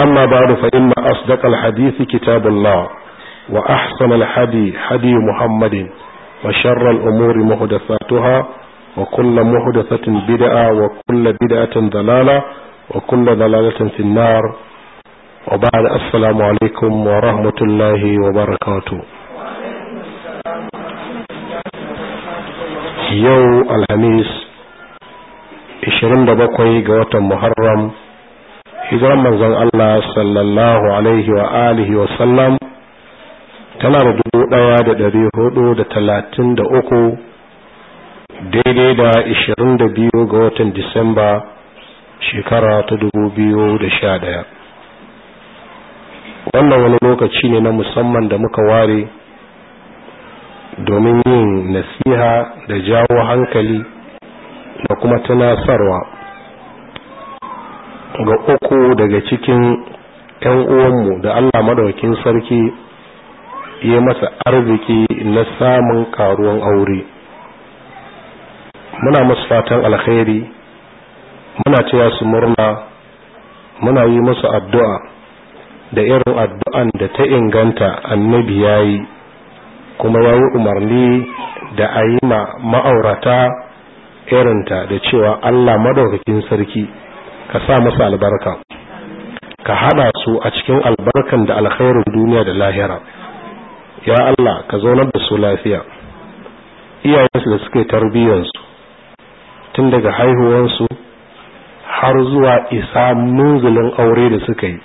أما بعد فإن أصدق الحديث كتاب الله وأحسن الحدي حدي محمد وشر الأمور محدثاتها وكل محدثة بدعة وكل بدعة ضلالة وكل ضلالة في النار وبعد السلام عليكم ورحمة الله وبركاته يو الخميس 27 ga watan Muharram hijiran manzon Allah sallallahu alaihi wa alihi wa sallam tana da dubu ɗaya da ɗari hudu da talatin da uku daidai da ishirin da biyu ga watan Disamba shekara ta dubu biyu da sha ɗaya wannan wani lokaci ne na musamman da muka ware domin yin nasiha da jawo hankali da kuma tunasarwa ga uku daga cikin ‘yan uwanmu da Allah madawakin sarki ya masa arziki na samun karuwan aure muna masu fatan alkhairi muna cewa su murna muna yi masu addu'a da irin addu'an da ta inganta annabi ya yi kuma ya yi umarni da a yi ma ma'aurata irinta da cewa Allah madaukakin sarki ka sa masa albarka ka hada su a cikin albarkan da alkhairin duniya da lahira ya Allah ka zaunar da su lafiya iyayensu da suke tarbiyyansu tun daga haihuwansu har zuwa isa munzulin aure da suka yi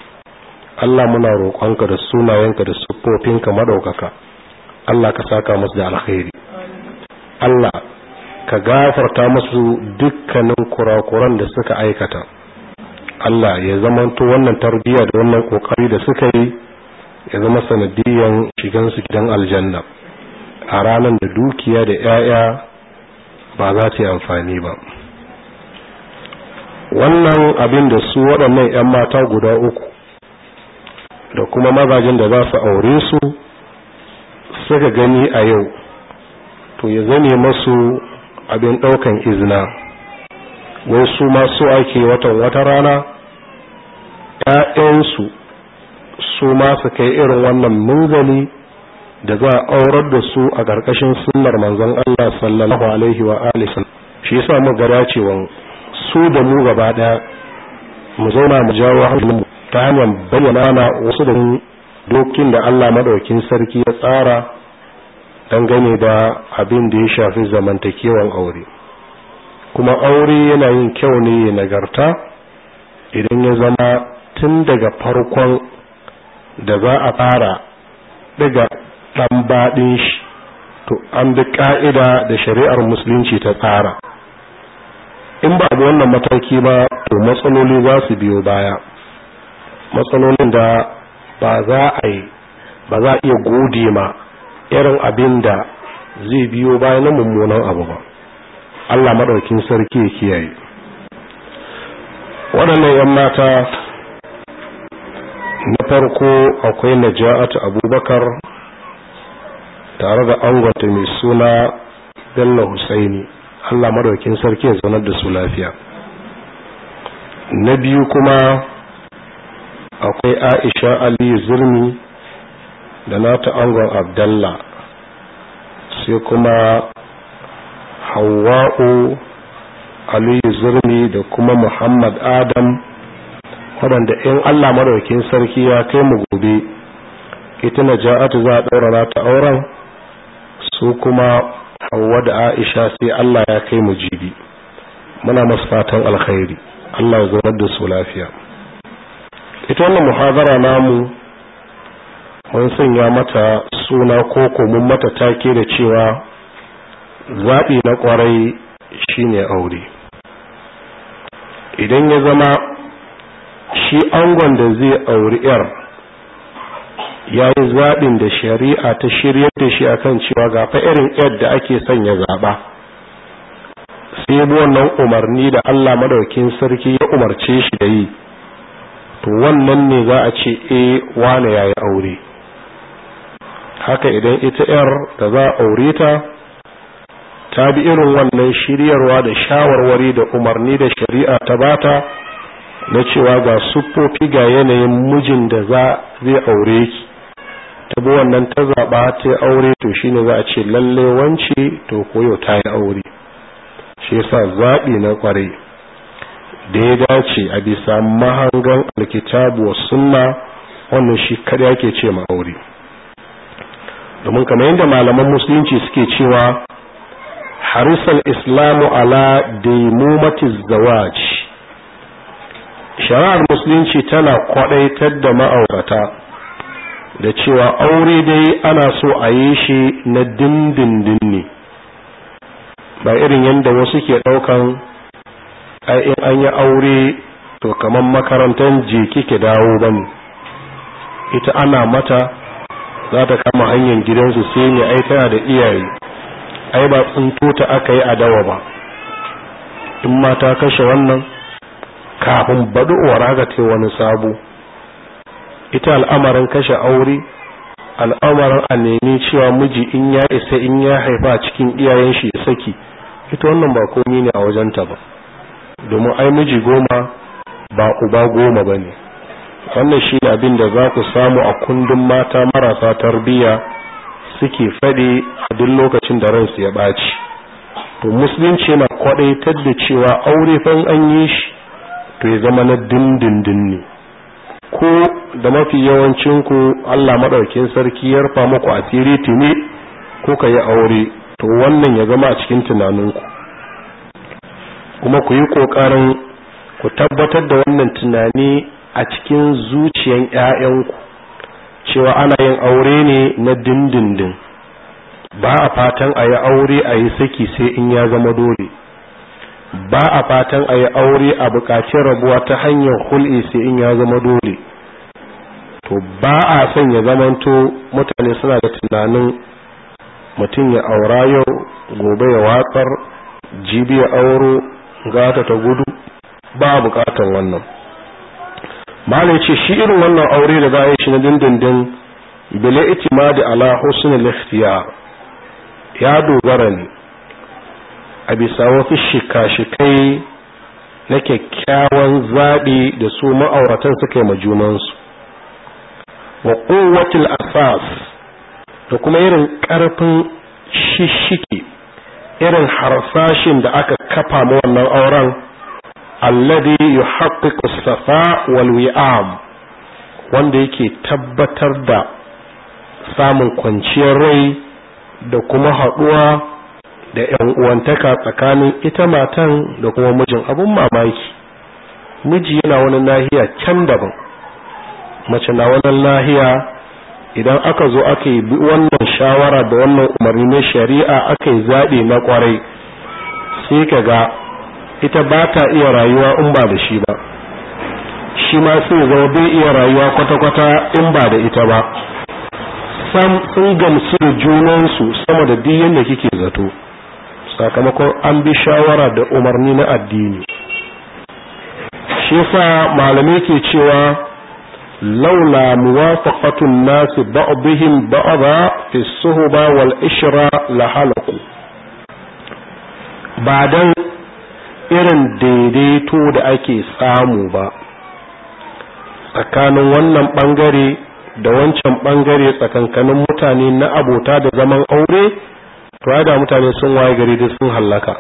Allah muna roƙonka da sunayenka da siffofinka maɗaukaka Allah ka saka musu da alkhairi Allah ka gafarta musu dukkanin kurakuran da suka aikata Allah ya zamanto wannan tarbiyya da wannan kokari da suka yi ya zama sanadiyan shigansu gidan aljanna a ranar da dukiya da 'ya'ya ba za ta yi amfani ba wannan abin da su waɗannan 'yan mata guda uku da kuma mazajen da za su aure su suka gani a yau to ya zane masu abin ɗaukan izina wai su ma so ake watan wata rana ‘ya'yansu su ma su kai irin wannan munzali da za a aurar da su a ƙarƙashin sunnar manzon Allah sallallahu alaihi wa alihi shi yasa mu gada cewa su da mu gaba ɗaya mu zauna mu jawo hankalin ta hanyar bayyana na wasu da dokin da Allah madaukin sarki ya tsara dangane da abin da ya shafi zamantakewan aure kuma aure yana yin kyau ne nagarta idan ya zama tun daga farkon da za a tsara daga ɗan baɗin shi to an bi ƙa'ida da shari'ar musulunci ta tsara in ba bi wannan mataki ba to matsaloli za su biyo baya matsalolin da ba za a yi ba za a iya gode ma irin abin da zai biyo baya na mummunan abu ba Allah maɗaukin sarki ya kiyaye waɗannan 'yan mata na farko akwai naja'atu abubakar tare da gwata mai suna bello husaini allah madaukin sarki ya zaunar da su lafiya na biyu kuma akwai aisha ali zirmi da nata angon abdalla sai kuma hawa'u Aliyu, zirmi da kuma muhammad adam waɗanda in allah madaukin sarki ya kai mu gobe ita na ja'atu za a ɗaurara ta auren su kuma hawa da aisha sai allah ya kai mu jibi muna masu fatan alkhairi allah ya zaunar da su lafiya ita wannan muhazara namu mun sanya mata suna ko mun mata take da cewa zaɓi na ƙwarai shine aure idan ya zama shi angon da zai auri yar ya yi zaɓin da shari'a ta shirya da shi akan cewa ga fa irin yar da ake sanya zaɓa sai wannan umarni da Allah madaukin sarki ya umarce shi da yi to wannan ne za a ce e wane ya yi aure haka idan ita yar da za a aure ta ta bi irin wannan shiryarwa da shawarwari da umarni da shari'a ta bata na cewa ga siffofi ga yanayin mijin da za zai aure ki ta wannan ta zaɓa ta yi aure to shine za a ce lalle wance to koyo ta yi aure shi yasa zaɓi na ƙwarai da ya dace a bisa mahangan alkitabu wa sunna wannan shi kada yake ce ma aure domin kamar yadda malaman musulunci suke cewa harisal islamu ala daimumatiz zawaji shari'ar musulunci tana kwadaitar da ma'aurata da cewa aure dai ana so a yi shi na dindindin ne ba irin yadda wasu ke daukan in an yi aure to kamar makarantar jiki ke dawo ba ne ita ana mata za ta kama hanyar gidansu sai ne ai tana da iyaye ai ba tsinto ta aka yi a dawa ba in mata kashe wannan kafin baɗi waraga ta wani sabo ita al'amarin kashe aure al'amarin a nemi cewa miji in ya isa in ya haifa cikin iyayen shi ya saki ita wannan ba komi ne a ta ba domin ai miji goma ba uba goma ba ne wannan shi ne abin da za ku samu a kundin mata marasa tarbiyya suke faɗi a duk lokacin da ransu ya ɓaci to musulunci na kwaɗaitar da cewa aure fan an yi shi to ya zama na dindindin ne ko da mafi yawancin ku Allah maɗaukin sarki ya rufa muku asiri tuni ko ka yi aure to wannan ya zama a cikin tunanin ku kuma ku yi ƙoƙarin ku tabbatar da wannan tunani a cikin zuciyan 'ya'yanku cewa ana yin aure ne na dindindin ba a fatan a yi aure a yi saki sai in ya zama dole ba a fatan a yi aure a bukaci rabuwa ta hanyar hul'i sai in ya zama dole to ba a son ya zamanto mutane suna da tunanin mutum ya aura yau gobe ya watsar jibi ya auro gata ta gudu ba a bukatan wannan malai ce shi irin wannan aure da za a shi na dindindin bile itima da ala husnul ikhtiyar ya dogara ne a bisa wasu shika-shikai na kyakkyawan zaɓi da su ma'auratan suka yi majunansu wa kowatil asas da kuma irin ƙarfin shishiki irin harsashin da aka kafa ma wannan auren yi yuhaqqiqu safa wal wanda yake tabbatar da samun kwanciyar rai da kuma haɗuwa da ‘yan uwantaka tsakanin ita matan da kuma mijin abun mamaki miji yana wani nahiya can daban mace na wani nahiya idan aka zo aka yi wannan shawara da wannan umarni na shari'a aka yi zaɓe na ƙwarai sai ka ga ita ba ta iya rayuwa in ba da shi ba shi ma sai zama bai iya rayuwa kwata-kwata in ba da ita ba sam sun gamsu da junansu sama da duk yadda kike zato sakamakon an bi shawara da umarni na addini shi yasa malamai ke cewa laula muwafaqatun nas ba'dihim ba'dha fi suhba wal ishra la halaku ba dan irin daidaito da ake samu ba tsakanin wannan bangare da wancan bangare tsakankanin mutane na abota da zaman aure to ya da mutane sun waye gari da sun hallaka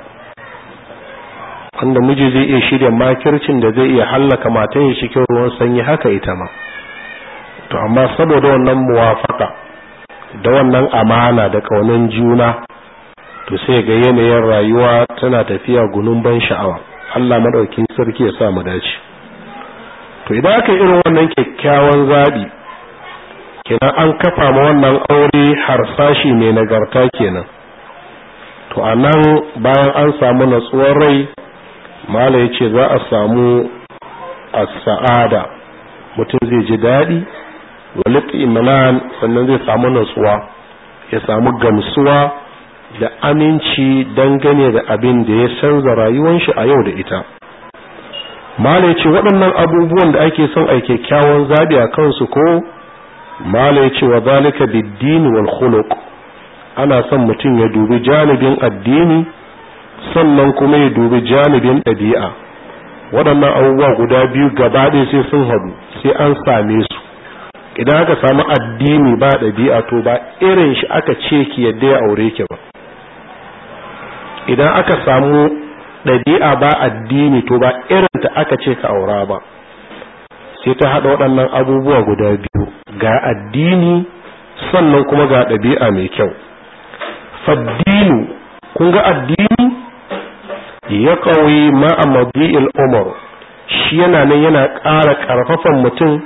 wanda miji zai iya shirya makircin da zai iya hallaka matan shi cikin ruwan sanyi haka ita ma to amma saboda wannan muwafaka da wannan amana da kaunan juna to sai ga yanayin rayuwa tana tafiya gunun ban sha'awa Allah madaukin sarki ya sa mu dace to idan aka irin wannan kyakkyawan zabi kenan an kafa ma wannan aure harsashi mai nagarta kenan to a nan bayan an samu natsuwar rai mala ya ce za a samu a sa'ada mutum zai ji daɗi walit imanan sannan zai samu natsuwa ya samu gamsuwa da aminci dangane da abin da ya canza rayuwar shi a yau da ita mala ya ce waɗannan abubuwan da ake son a kyakkyawan zaɓi a kansu ko mala ya ce wa zalika biddini wal ana son mutum ya dubi janibin addini sannan kuma ya dubi janibin ɗabi'a waɗannan abubuwa guda biyu gaba ɗaya sai sun haɗu sai an same su idan aka samu addini ba ɗabi'a to ba irin shi aka ce ki yadda ya aure ki ba idan aka samu ɗabi'a ba addini to ba irin ta aka ce ka aura ba sai ta haɗa waɗannan abubuwa guda biyu ga addini sannan kuma ga ɗabi'a mai kyau faddinu kun ga addini ya kawai ma'a mabi'il umar shi yana nan yana ƙara ƙarfafan mutum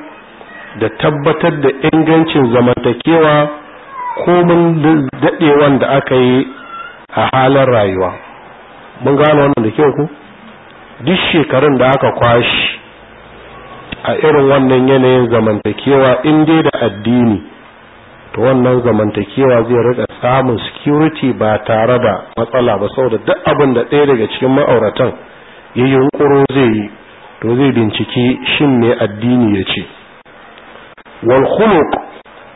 da tabbatar da ingancin zamantakewa komin daɗewan da aka yi a halin rayuwa mun gano wannan da kyau ku duk shekarun da aka kwashi a irin wannan yanayin zamantakewa in da addini to wannan zamantakewa zai rika samun security ba tare da matsala ba saboda duk abin da ɗaya daga cikin ma'auratan ya yi hunkuro zai yi to zai binciki shin ne addini ya ce Walhuluk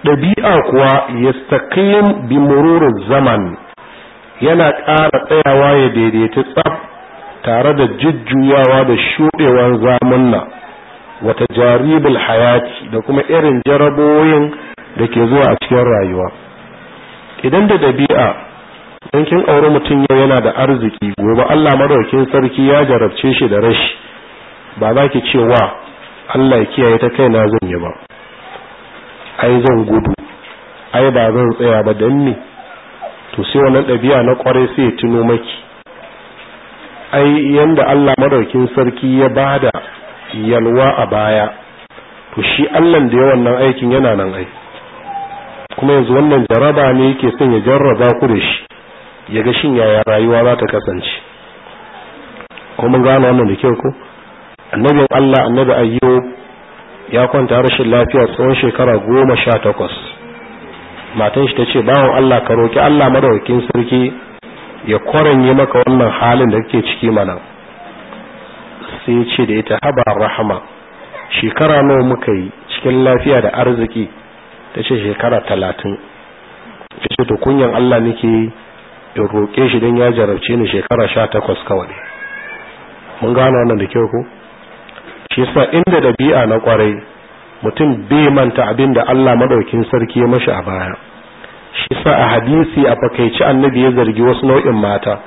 ɗabi'a kuwa kuwa ya bi mururiz zaman yana ƙara tsayawa ya daidaita tsaf tare da jujjuyawa da shuɗewar zamanna wata jaribul hayati da kuma irin jaraboyin da ke zuwa a cikin rayuwa idan da dabi'a yankin auri aure mutum yau yana da arziki gobe Allah madaukakin sarki ya jarabce shi da rashi ba za ki cewa Allah ya kiyaye ta kai na zan yi ba ai zan gudu ai ba zan tsaya ba dan ni to sai wannan dabi'a na kwarai sai ya tuno maki ai yanda Allah madaukakin sarki ya bada yalwa a baya to shi Allah da yawan nan aikin yana nan aiki. kuma yanzu wannan jaraba ne yake son ya jarraba ku da shi ya ga shin yaya rayuwa za ta kasance kuma gano wannan da kyau ko annabin Allah annabi ayyub ya kwanta rashin lafiya tsawon shekara goma sha takwas matan shi ta ce bawan Allah ka roki Allah madaukakin sarki ya kwaranye maka wannan halin da kake ciki mana sai ya ce da ita haba rahama shekara nawa muka yi cikin lafiya da arziki ta ce shekara talatin ta ce to kunyan Allah nake in roƙe shi don ya jarabce ni shekara sha takwas kawai mun gano wannan da kyau ko shi sa inda dabi'a na kwarai mutum bai manta abin da Allah madaukin sarki ya mashi a baya shi sa a hadisi a fakaici annabi ya zargi wasu nau'in mata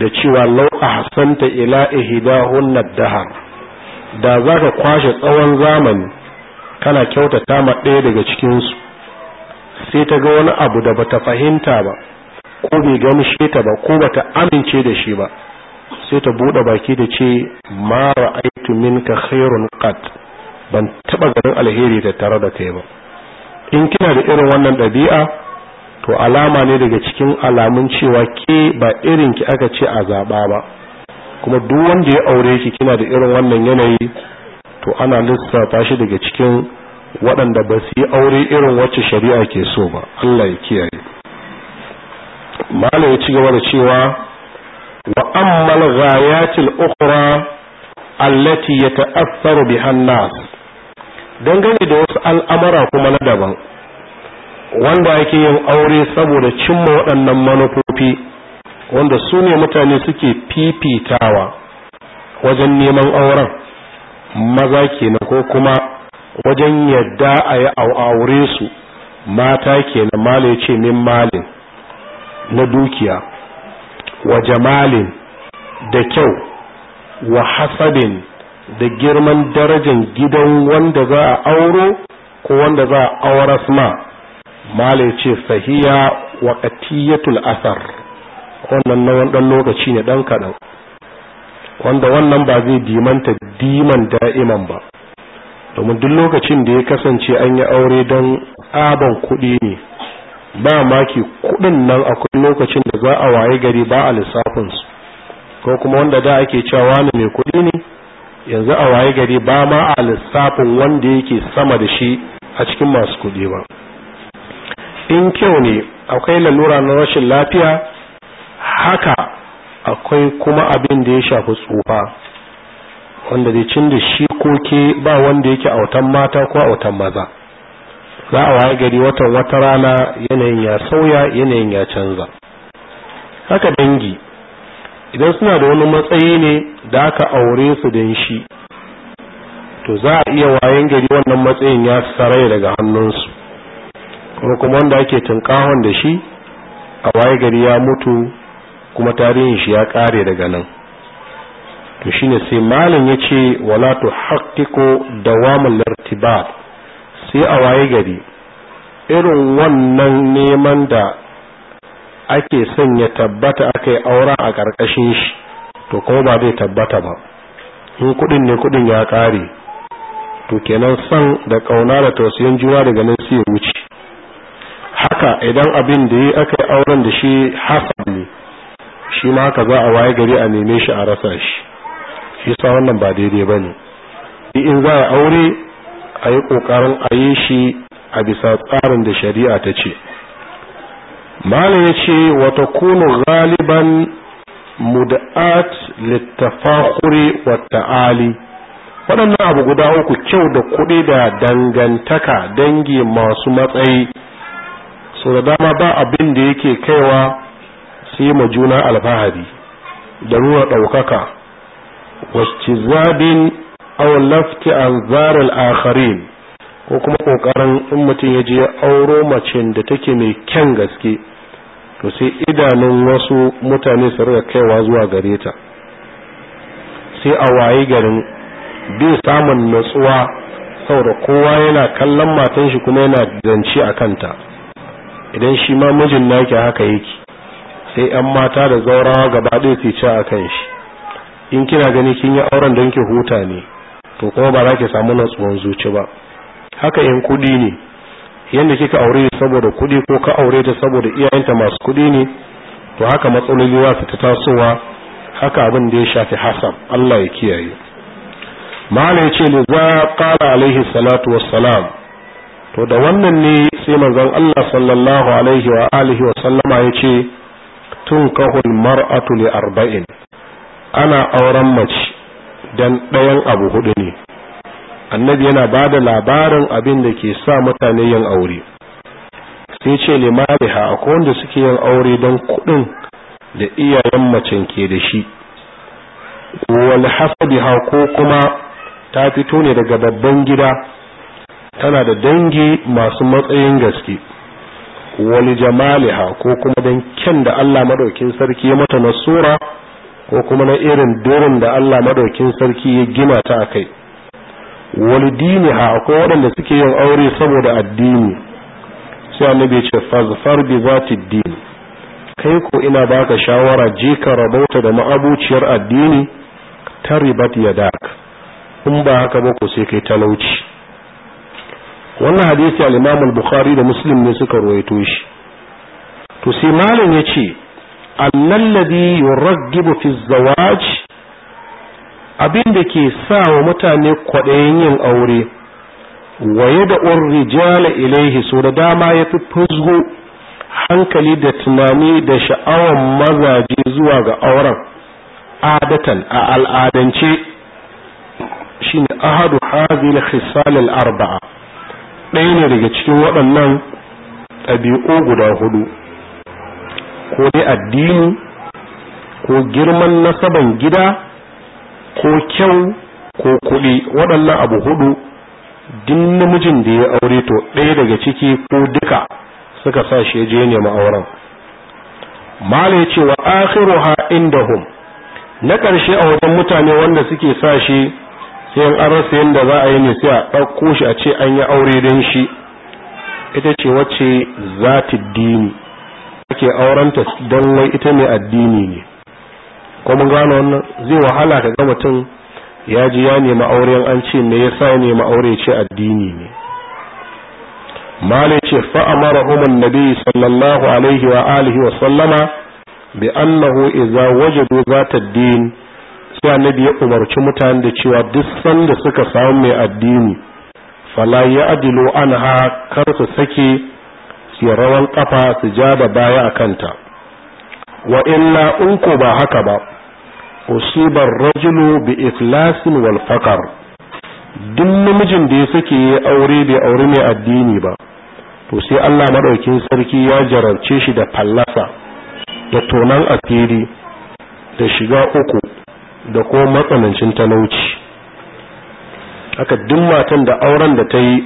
da cewa lau ahsanta ila ihdahunna dahar da zaka kwashe tsawon zamani kana kyautata ma ɗaya daga cikinsu sai ta ga wani abu da bata fahimta ba ko bai gamshe ta ba ko bata amince da shi ba sai ta buɗe baki da ce ma ra'aitu minka khairun qat ban taba ganin alheri da tare da kai ba in kina da irin wannan ɗabi'a to alama ne daga cikin alamun cewa ke ba irin ki aka ce a zaɓa ba kuma duk wanda ya aure ki kina da irin wannan yanayi to ana lissafa shi daga cikin waɗanda ba su yi aure irin wacce shari'a ke so ba Allah ya kiyaye malai ya ci gaba da cewa wa ammal ghayatil ukhra allati yata'assaru biha an-nas dangane da wasu al'amara kuma na daban wanda ake yin aure saboda cimma waɗannan manufofi wanda su ne mutane suke fifitawa wajen neman auren maza kenan ko kuma wajen yadda a yi aure su mata kenan mala ce min malin na dukiya wa jamalin da kyau wa hasabin da girman darajan gidan wanda za a auro ko wanda za a auras ma mala ce sahiya wa katiyatul asar wannan na wani lokaci ne dan kaɗan wanda wannan ba zai dimanta diman da'iman ba domin duk lokacin da ya kasance an yi aure don aban kuɗi ne ba maki kuɗin nan akwai lokacin da za a waye gari ba a lissafinsu ko kuma wanda da ake cewa ne mai kuɗi ne yanzu a waye gari ba ma a lissafin wanda yake sama da shi a cikin masu kuɗi ba in kyau ne akwai lalura na rashin lafiya haka akwai kuma abin da ya shafi tsufa wanda zai cin da shi koke ba wanda yake autan mata ko autan maza za a waye gari watan wata rana yanayin ya sauya yanayin ya canza haka dangi idan suna da wani matsayi ne da aka aure su don shi to za a iya wayan gari wannan matsayin ya sarai daga hannunsu kuma kuma wanda ake tunkahon da shi a waye gari ya mutu kuma tarihin shi ya kare daga nan to shine sai malam yace wala tu haqqiqo dawamul irtibat sai a waye gari irin wannan neman da ake ya tabbata akai aura a karkashin shi to kuma ba zai tabbata ba in kudin ne kudin ya kare to kenan san da kauna da tausayin juna daga nan sai wuce haka idan abin da yi aka auren da shi hasabi ne shi ma haka za a waye gari a neme shi a rasa shi shi sa wannan ba daidai ba ne in za a aure a yi ƙoƙarin a yi shi a bisa tsarin da shari'a ta ce malam ya ce wata kunu galiban muda'at kuri wa ta'ali waɗannan abu guda uku kyau da kuɗi da dangantaka dangi masu matsayi sau da dama ba abin da yake kaiwa sai ma juna alfahari da ruwa ɗaukaka wacce zabin aw lafti an zarar akharin ko kuma ƙoƙarin in mutum ya je auro mace da take mai kyan gaske to sai idanun wasu mutane su rika kaiwa zuwa gare ta sai a waye garin bai samun natsuwa saboda kowa yana kallon matan shi kuma yana zance a kanta idan shi ma mijin naki haka yake sai yan mata da zaurawa gaba ɗaya su ci a kan shi in kina gani kin yi auren don ki huta ne to kuma ba za ki samu natsuwan zuci ba haka yan kuɗi ne yadda kika aure saboda kuɗi ko ka aure ta saboda iyayenta masu kuɗi ne to haka matsaloli za su ta tasowa haka abin da ya shafi hasan Allah ya kiyaye ma'ana ya ce ne za ƙara alaihi salatu wassalam to da wannan ne sai manzon Allah sallallahu alaihi wa alihi wa sallama ya ce tunkahul mar'atu li arba'in ana auren mace dan ɗayan abu hudu ne annabi yana ba da labarin abin da ke sa mutane yin aure sai ce limaliha akwai wanda suke yin aure don kudin da iyayen macen ke da shi wal ko kuma ta fito ne daga babban gida tana da dangi masu matsayin gaske wani jamaliha ko kuma don kyan da Allah madaukin sarki ya mata na sura ko kuma na irin dorin da Allah madaukin sarki ya gina ta a kai wani diniha akwai waɗanda suke yin aure saboda addini sai annabi ya ce fazfar bi zati din kai ko ina baka shawara je ka rabauta da ma'abuciyar addini ta ribat yadak in ba haka ba ko sai kai talauci wannan hadisi al-imam al-bukhari da muslim ne suka ruwaito shi to sai malam yace annal ladhi yuraggibu fi zawaj abin da ke sa wa mutane kwaɗayin yin aure waye da rijala ilaihi so da dama ya fi fuzgo hankali da tunani da sha'awan mazaje zuwa ga auren adatan a al'adance shine ahadu hazil khisal al arba'a ɗaya ne daga cikin waɗannan ɗabi'u guda hudu ko dai addini ko girman nasaban gida ko kyau ko kuɗi waɗannan abu hudu din namijin da ya aure to ɗaya daga ciki ko duka suka sa shi je nema auren mala ya ce wa akhiruha indahum na ƙarshe a wajen mutane wanda suke sa shi sai an rasa yadda za a yi ne sai a ɗauko shi a ce an yi aure don shi ita ce wacce za ta dini ake aurenta don wai ita ne addini ne kuma gano wannan zai wahala ka ga mutum ya ji ya nemi yan an ce me yasa ya nemi aure ce addini ne mali ce fa amara umar nabi sallallahu alaihi wa alihi wa sallama bi annahu idza wajadu zata din sai annabi ya umarci mutane da cewa duk sanda suka samu mai addini fala ya adilu anha kar su sake su rawan kafa su ja da baya a kanta wa illa in ko ba haka ba usibar rajulu bi ikhlasin wal faqar duk namijin da ya sake aure bai aure mai addini ba to sai Allah madaukin sarki ya jarabce shi da fallasa da tonan asiri da shiga uku da ko matsanancin talauci aka duk matan da auren da ta yi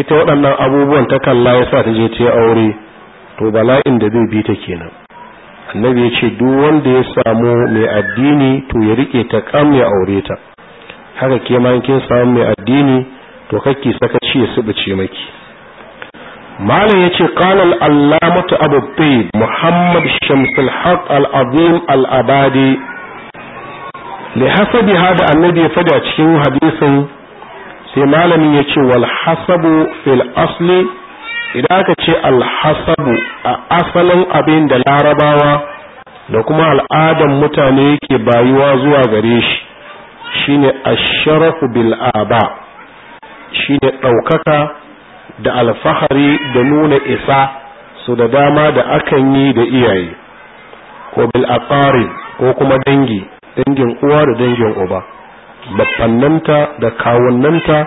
ita waɗannan abubuwan ta kalla ya sa ta je ta yi aure to bala'in da zai bi ta kenan annabi ya ce duk wanda ya samu mai addini to ya rike ta kam ya aure ta haka ke ma kin samu mai addini to saka sakaci ya subuce maki malam ya qala al-allamatu abu tayyib muhammad shamsul haq al-azim da hasabi da annabi ya fada cikin hadisin sai malamin ya ce wal hasabu fil asli idan aka ce al hasabu a asalin abin da larabawa da kuma al'adan mutane yake bayuwa zuwa gare shi shine asharafu bil aba shine ɗaukaka da alfahari da nuna isa su da dama da akan yi da iyaye ko bil ko kuma dangi dangin uwa da dangin uba bafannanta da kawunnanta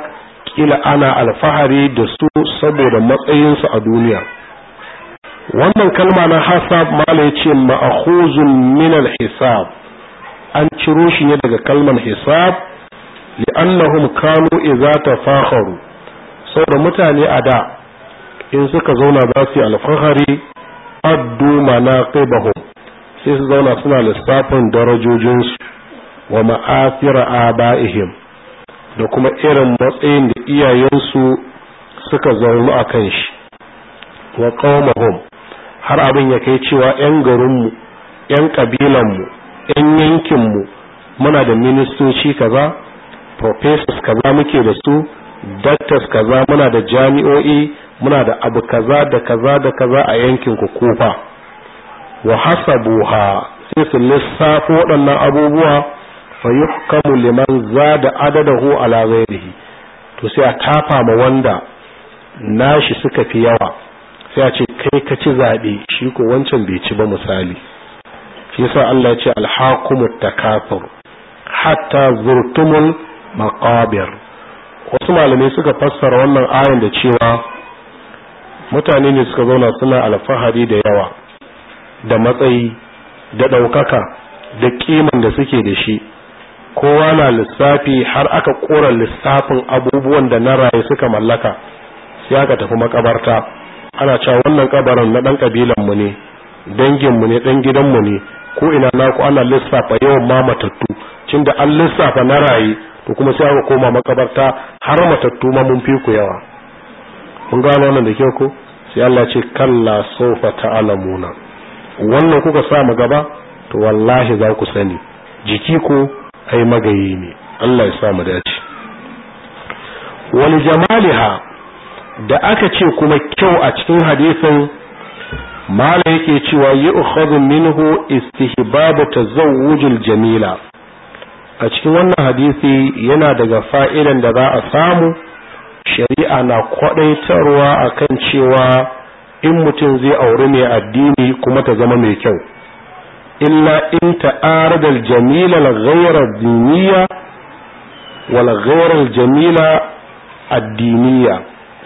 kila ana alfahari da su saboda matsayinsu a duniya wannan kalma na hasab mala ya ce ma'ahuzun minal hisab an ciro shi ne daga kalman hisab li'annahum kanu idza tafakharu saboda mutane a da in suka zauna za su yi alfahari addu manaqibahum sai su zauna suna lissafin darajojinsu wa ma'afira a ba'ihim da kuma irin matsayin da iyayensu suka zaunu a kan shi wa qaumahum har abin ya kai cewa yan garinmu yan kabilanmu yan yankinmu muna da ministoci kaza professors kaza muke da su doctors kaza muna da jami'o'i muna da abu kaza da kaza da kaza a yankin ku kofa wa hasabuha sai su lissafo waɗannan abubuwa fa yuhkamu liman zada adadahu ala ghairihi to sai a tafa ma wanda nashi suka fi yawa sai a ce kai ka ci zabe shi ko wancan bai ci ba misali shi yasa Allah ya ce alhaqumut takathur hatta zurtumul maqabir wasu malamai suka fassara wannan ayan da cewa mutane ne suka zauna suna alfahari da yawa da matsayi da ɗaukaka da ƙiman da suke da shi kowa na lissafi har aka kora lissafin abubuwan da na raye suka mallaka sai aka tafi makabarta ana cewa wannan kabarin na ɗan kabilan mu ne dangin mu ne ɗan gidanmu ne ko ina na ku ana lissafa yawan ma matattu da an lissafa na raye to kuma sai aka koma makabarta har matattu ma mun fi ku yawa mun gano wannan da kyau ko sai Allah ce kalla sofa ta'alamuna wannan kuka sa mu gaba to wallahi za ku sani jiki ko ai magayi ne Allah ya sa mu dace wal jamaliha da aka ce kuma kyau a cikin hadisin mala yake cewa ukhadhu minhu istihbabu tazawwujil jamila a cikin wannan hadisi yana daga fa'idan da za a samu shari'a na kwadaitarwa akan cewa in mutum zai auri mai addini kuma ta zama mai kyau illa in ta al-jamila al-ghayra diniya ghayra jamila addiniyya.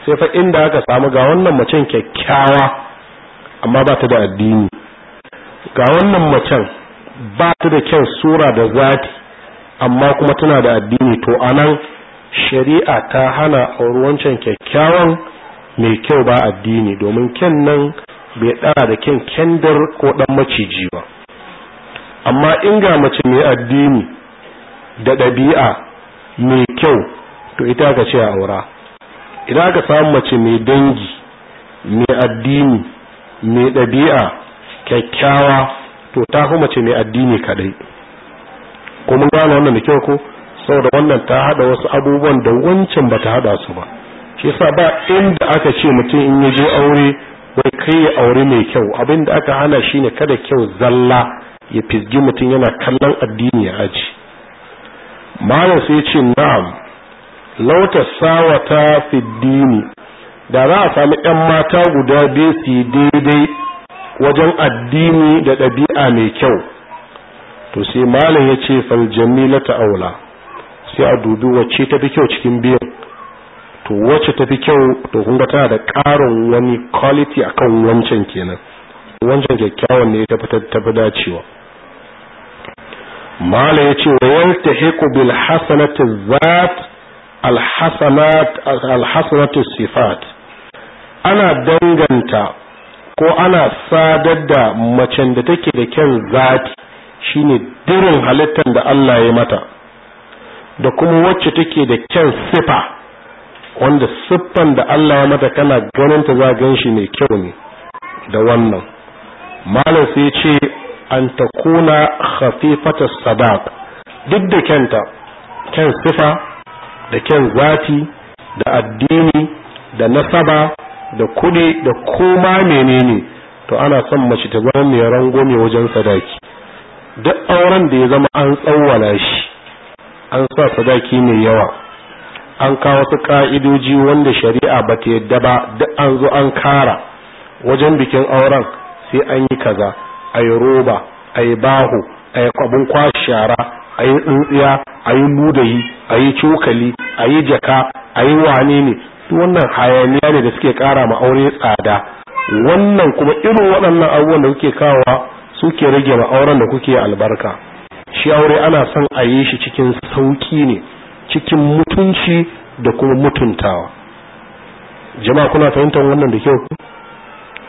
sai fa inda aka samu ga wannan macen kyakkyawa amma ba ta da addini ga wannan macen ba ta da kyau sura da zati amma kuma tana da addini to anan shari'a ta hana wancan kyakkyawan mai kyau ba addini domin kyan nan bai ɗara da kyan kendar ko ɗan maciji ba amma in ga mace mai addini da ɗabi'a mai kyau to ita ka ce a aura idan aka samu mace mai dangi mai addini mai ɗabi'a kyakkyawa to ta fi mace mai addini kaɗai. ko mun gane wannan da kyau ko saboda wannan ta hada wasu abubuwan da wancan ba ta hada su ba shi yasa ba inda aka ce mutum in ya je aure wai kai ya aure mai kyau abin da aka hana shi ne kada kyau zalla ya fizgi mutum yana kallon addini ya aji malam sai ya ce na'am lauta sawata fiddini da za a sami yan mata guda biyu su daidai wajen addini da ɗabi'a mai kyau to sai malam ya ce faljami jamila ta aula sai a dubi wacce ta fi kyau cikin biyan to wacce tafi kyau to kun tana da ƙarin wani quality akan wancan kenan wancan kyakkyawan ne ta fi dacewa mala yace wa yaltahiqu bil hasanati zat al hasanat al sifat ana danganta ko ana sadar da macen da take da kyan zati shine dirin halittar da Allah ya mata da kuma wacce take da kyan sifa wanda siffan da Allah ya mata kana ganin ta za gan shi mai kyau ne da wannan malam sai ce an takuna khafifata sadaq duk da kenta kyan sifa da kyan zati da addini da nasaba da kuɗi da koma menene to ana son mace ta zama mai mai wajen sadaki duk auren da ya zama an tsawwala shi an sa sadaki mai yawa an kawo wasu ka'idoji wanda shari'a ba ta yadda ba duk an zo an kara wajen bikin auren sai an yi kaza a yi roba a yi baho a yi kwabin kwashe shara a yi tsintsiya a yi ludayi a yi cokali a yi jaka a yi wane ne wannan hayaniya ne da suke kara ma aure tsada wannan kuma irin waɗannan abubuwan da kuke kawowa suke rage ma da kuke albarka shi aure ana son a yi shi cikin sauki ne cikin mutunci da kuma mutuntawa jama'a kuna fahimtar wannan da kyau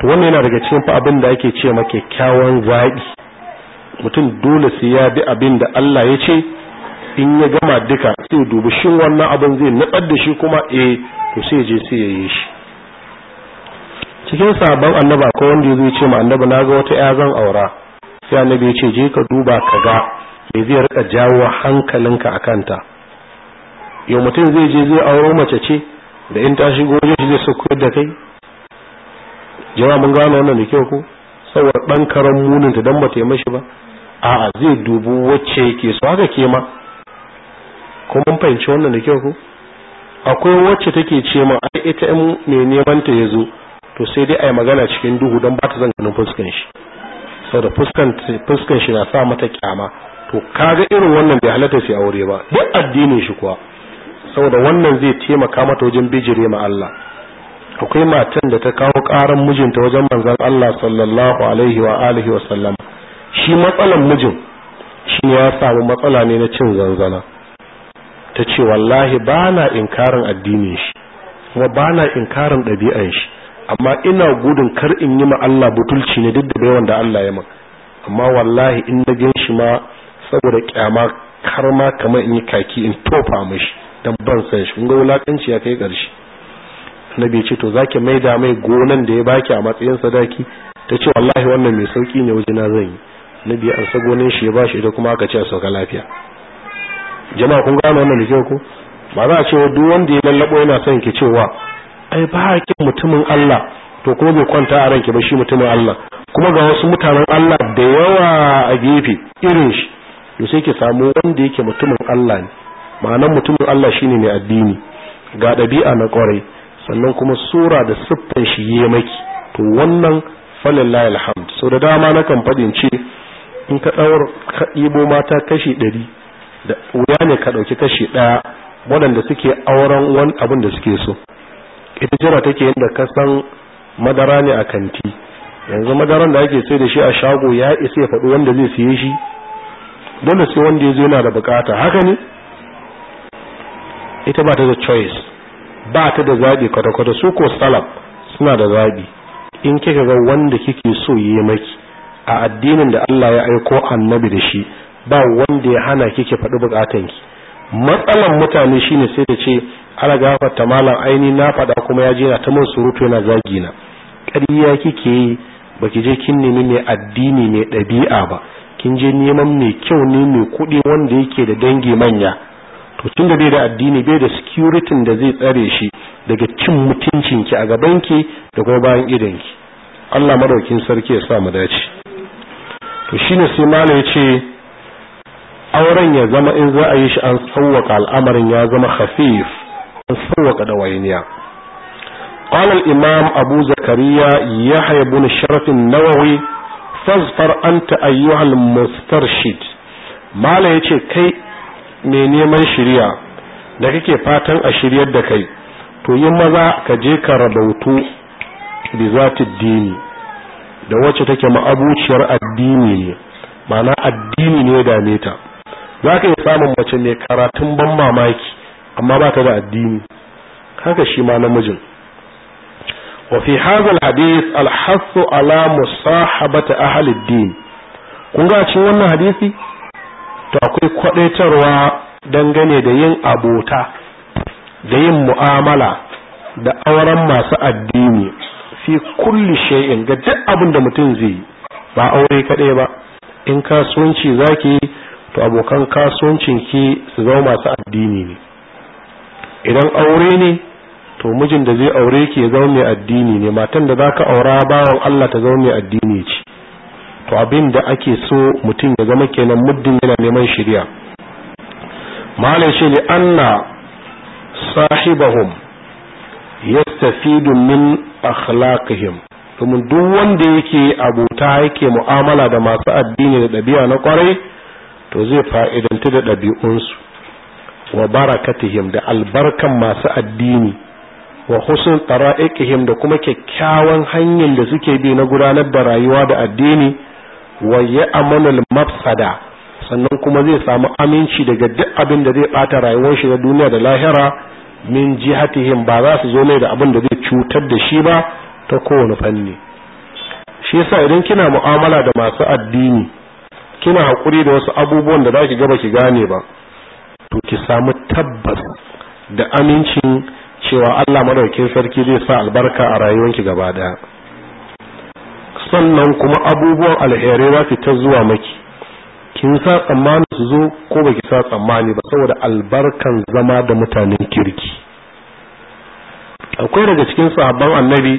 to wannan yana daga cikin fa abin da ake ce ma kyakkyawan zaɓi mutum dole sai ya bi abin da Allah ya ce in ya gama duka sai dubi shin wannan abin zai natsar da shi kuma eh to sai je sai ya yi shi cikin sabon annaba ko wanda ya zai ce ma annabi na ga wata ya zan aura sai annabi ya ce je ka duba ka ga me zai rika jawo hankalinka a kanta yau mutum zai je zai auro mace ce da in ta shigo wajen shi zai sukuyar da kai jama'a mun gano wannan da kyau ko saboda dan karan munin ta dan bata yi mashi ba a'a zai dubi wacce yake so haka ke ma ko mun fahimci wannan da kyau ko akwai wacce take ce ma ai ita in mai neman ta zo to sai dai ai magana cikin duhu dan ba ta zan ganin fuskan shi saboda fuskan fuskan shi na sa mata kyama to kaga irin wannan bai halatta sai aure ba duk addinin shi kuwa saboda wannan zai taimaka mata wajen bijire ma Allah akwai matan da ta kawo karan mijinta wajen manzan Allah sallallahu alaihi wa alihi wa sallam shi matsalan mijin shi ya samu matsala ne na cin zanzana ta ce wallahi ba na inkarin addinin shi kuma ba na inkarin ɗabi'an shi amma ina gudun kar in yi ma Allah butulci ne duk da bai wanda Allah ya min amma wallahi in na gan shi ma saboda kyama kar ma kamar in yi kaki in tofa mishi dan ban san shi kun ga wulakanci ya kai karshe annabi ya ce to zaki maida mai gonan da ya baki a matsayin sadaki ta ce wallahi wannan mai sauki ne waje na zan yi annabi ya ansa gonan shi ya bashi da kuma aka ce a sauka lafiya jama'a kun gano wannan da ko ba za a ce duk wanda ya lallabo yana son ki cewa ai ba hakin mutumin Allah to kuma bai kwanta a ranki ba shi mutumin Allah kuma ga wasu mutanen Allah da yawa a gefe irin shi to sai ki samu wanda yake mutumin Allah ne ma'anan mutumin Allah shi shine mai addini ga ɗabi'a na ƙwarai sannan kuma sura da siffan shi ya maki to wannan falillahi alhamd so da dama na kan faɗin ce in ka ɗaur ka ɗibo mata kashi ɗari da wuya ne ka ɗauki kashi ɗaya waɗanda suke auren wani abin da suke so ita jira take yadda ka san madara ne a kanti yanzu madaran da ake sai da shi a shago ya isa ya faɗi wanda zai siye shi dole sai wanda ya zo yana da bukata haka ne ita ba ta da choice ba ta da zaɓi kwata-kwata su ko salaf suna da zaɓi in kika ga wanda kike so yi maki a addinin da Allah ya aiko annabi da shi ba wanda ya hana kike faɗi ki. matsalan mutane shine sai ta ce ala gafarta malam aini na faɗa kuma ya je na ta mun surutu yana zagi na ƙarya kike yi baki je kin nemi mai addini mai ɗabi'a ba kin je neman mai kyau ne mai kuɗi wanda yake da dangi manya to tun da bai da addini bai da security da zai tsare shi daga cin mutuncinki a gabanki da kuma bayan ki. Allah madaukin sarki ya sa mu dace to shine sai malam ya ce auren ya zama in za a yi shi an sawwaka al'amarin ya zama khafif an da dawainiya قال الإمام أبو زكريا يحيى بن شرف النووي فاظفر أنت أيها المسترشد ما لا يتشي كي mai neman shirya da kake fatan a shiryar da kai to yin maza ka je ka rabautu bi zati dini da wacce take ma'abuciyar addini ne ma'ana addini ne da meta za ka yi samun mace mai karatun ban mamaki amma ba ta da addini haka shi ma namijin وفي هذا الحديث الحث على مصاحبة أهل kun ga cin wannan hadisi to akwai kwadaitarwa dangane da yin abota da yin mu'amala da auren masu addini fi kulli shay'in ga duk abin da mutum zai ba aure kadai ba in kasuwanci zaki to abokan kasuwancin ki su zama masu addini ne idan aure ne to mijin da zai aure ki ya zama mai addini ne matan da zaka aura bawan Allah ta zama mai addini ce to abin da ake so mutum ya zama kenan muddin yana neman shirya malam shi ne anna sahibahum yastafidu min akhlaqihim domin duk wanda yake abota yake mu'amala da masu addini da ɗabi'a na kwarai to zai fa'idanta da ɗabi'unsu wa barakatihim da albarkan masu addini wa husun tara'iqihim da kuma kyakkyawan hanyar da suke bi na gudanar da rayuwa da addini waye ya'malu mafsada sannan kuma zai samu aminci daga duk abin da zai bata rayuwar shi na duniya da lahira min jihatihim ba za su zo mai da abin da zai cutar da shi ba ta kowane fanni shi yasa idan kina mu'amala da masu addini kina haƙuri da wasu abubuwan da zaki ki gaba ki gane ba to ki samu tabbas da amincin cewa Allah madaukakin sarki zai sa albarka a rayuwarki gaba daya sannan kuma abubuwan alherai za su ta zuwa maki kin sa tsammani su zo ko ba ki sa tsammani ba saboda albarkan zama da mutanen kirki akwai daga cikin sahabban annabi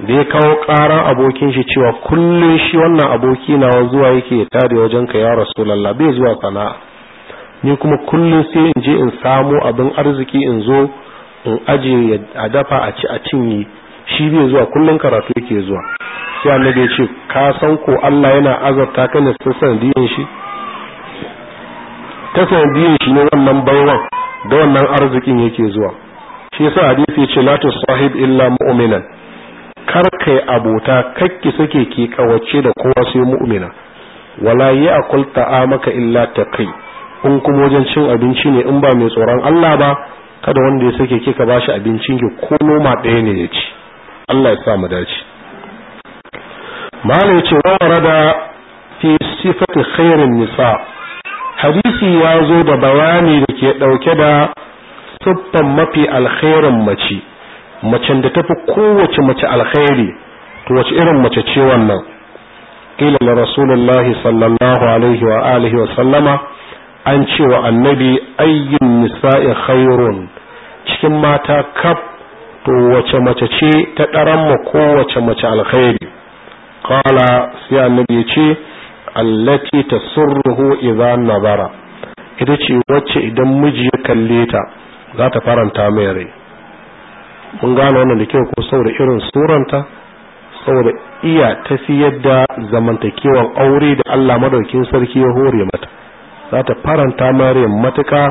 da ya kawo ƙaran abokin shi cewa kullum shi wannan aboki na zuwa yake ya tare wajen ka ya rasulallah bai zuwa sana'a ni kuma kullum sai in je in samo abin arziki in zo in aje a dafa a ci a cinye shi bai zuwa kullum karatu yake zuwa sai annabi ya ce ka san ko Allah yana azabta ka ne ta sanadiyan shi ta sanadiyan shi ne wannan baiwan da wannan arzikin yake zuwa shi yasa hadisi ce la sahib illa mu'minan kar kai abota kakki sake ki kawace da kowa sai mu'mina wala ya'kul ta'amaka illa taqi in kuma wajen cin abinci ne in ba mai tsoron Allah ba kada wanda ya sake kika bashi abincin ki ko noma ɗaya ne ya ci Allah ya sa mu dace malai ce wa rada fi sifati khairin nisa hadisi ya zo da bayani da ke dauke da siffan mafi alkhairin mace macen da tafi kowace mace alkhairi to wace irin mace ce wannan kila la rasulullahi sallallahu alaihi wa alihi wa sallama an ce wa annabi ayyun nisa'i khairun cikin mata kaf to wace mace ce ta ɗaran ma kowace mace alkhairi kala sai annabi ya ce allati tasurruhu idza nazara ita ce wacce idan miji ya kalle ta za ta faranta mai rai mun gane wannan da kyau ko saboda irin suranta saboda iya tafiyar da zamantakewar aure da Allah madaukin sarki ya hore mata za ta faranta mai rai matuka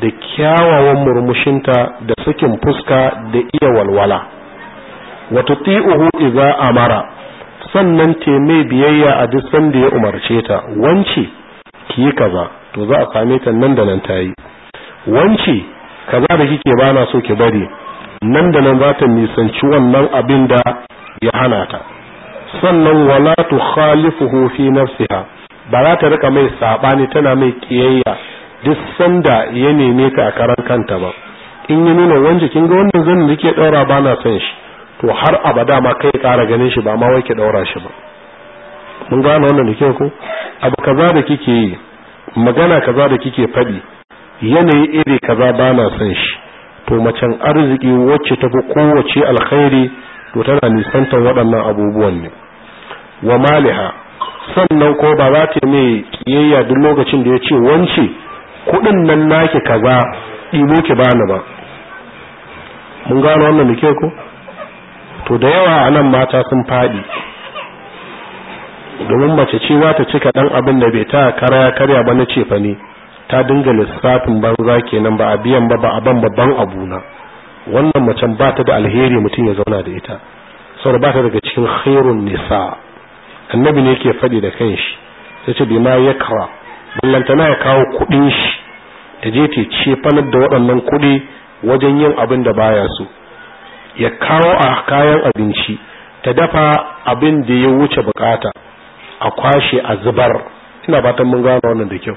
da kyawawan murmushinta da sakin fuska da iya walwala wata ti'uhu iza amara sannan te mai biyayya a duk sanda ya umarce ta wance ki yi kaza to za a same ta nan da nan ta yi wance kaza da kike ba na so ki bari nan da nan za ta nisanci wannan abin da ya hana ta sannan wala tu khalifuhu fi nafsiha ba za ta rika mai sabani tana mai kiyayya duk sanda ya neme ka a karan kanta ba in ya nuna wanda kin ga wannan zan da ke daura ba na son shi to har abada ma kai kara ganin shi ba ma wai ke daura shi ba mun gane wannan da kyau ko abu kaza da kike yi magana kaza da kike faɗi yanayi iri kaza ba na son shi to macen arziki wacce ta fi kowace alkhairi to tana nisantar waɗannan abubuwan ne wa maliha sannan ko ba za ta mai kiyayya duk lokacin da ya ce wance kudin nan naki kaza ɗibo ki bani ba mun gano wannan da ke ko to da yawa a nan mata sun faɗi domin mace ce za ta cika dan abin da bai ta karaya karya ba na fa ne ta dinga lissafin banza kenan ba a biyan ba ba a ban babban abu na wannan macen ba ta da alheri mutum ya zauna da ita saboda ba ta daga cikin khairun nisa annabi ne ke faɗi da kanshi sai ce ya yakra ballantana ya kawo kudin shi ta je ta ce fanar da waɗannan kuɗi wajen yin abin da baya so ya kawo a kayan abinci ta dafa abin da ya wuce bukata a kwashe a zubar ina fatan mun gano wannan da kyau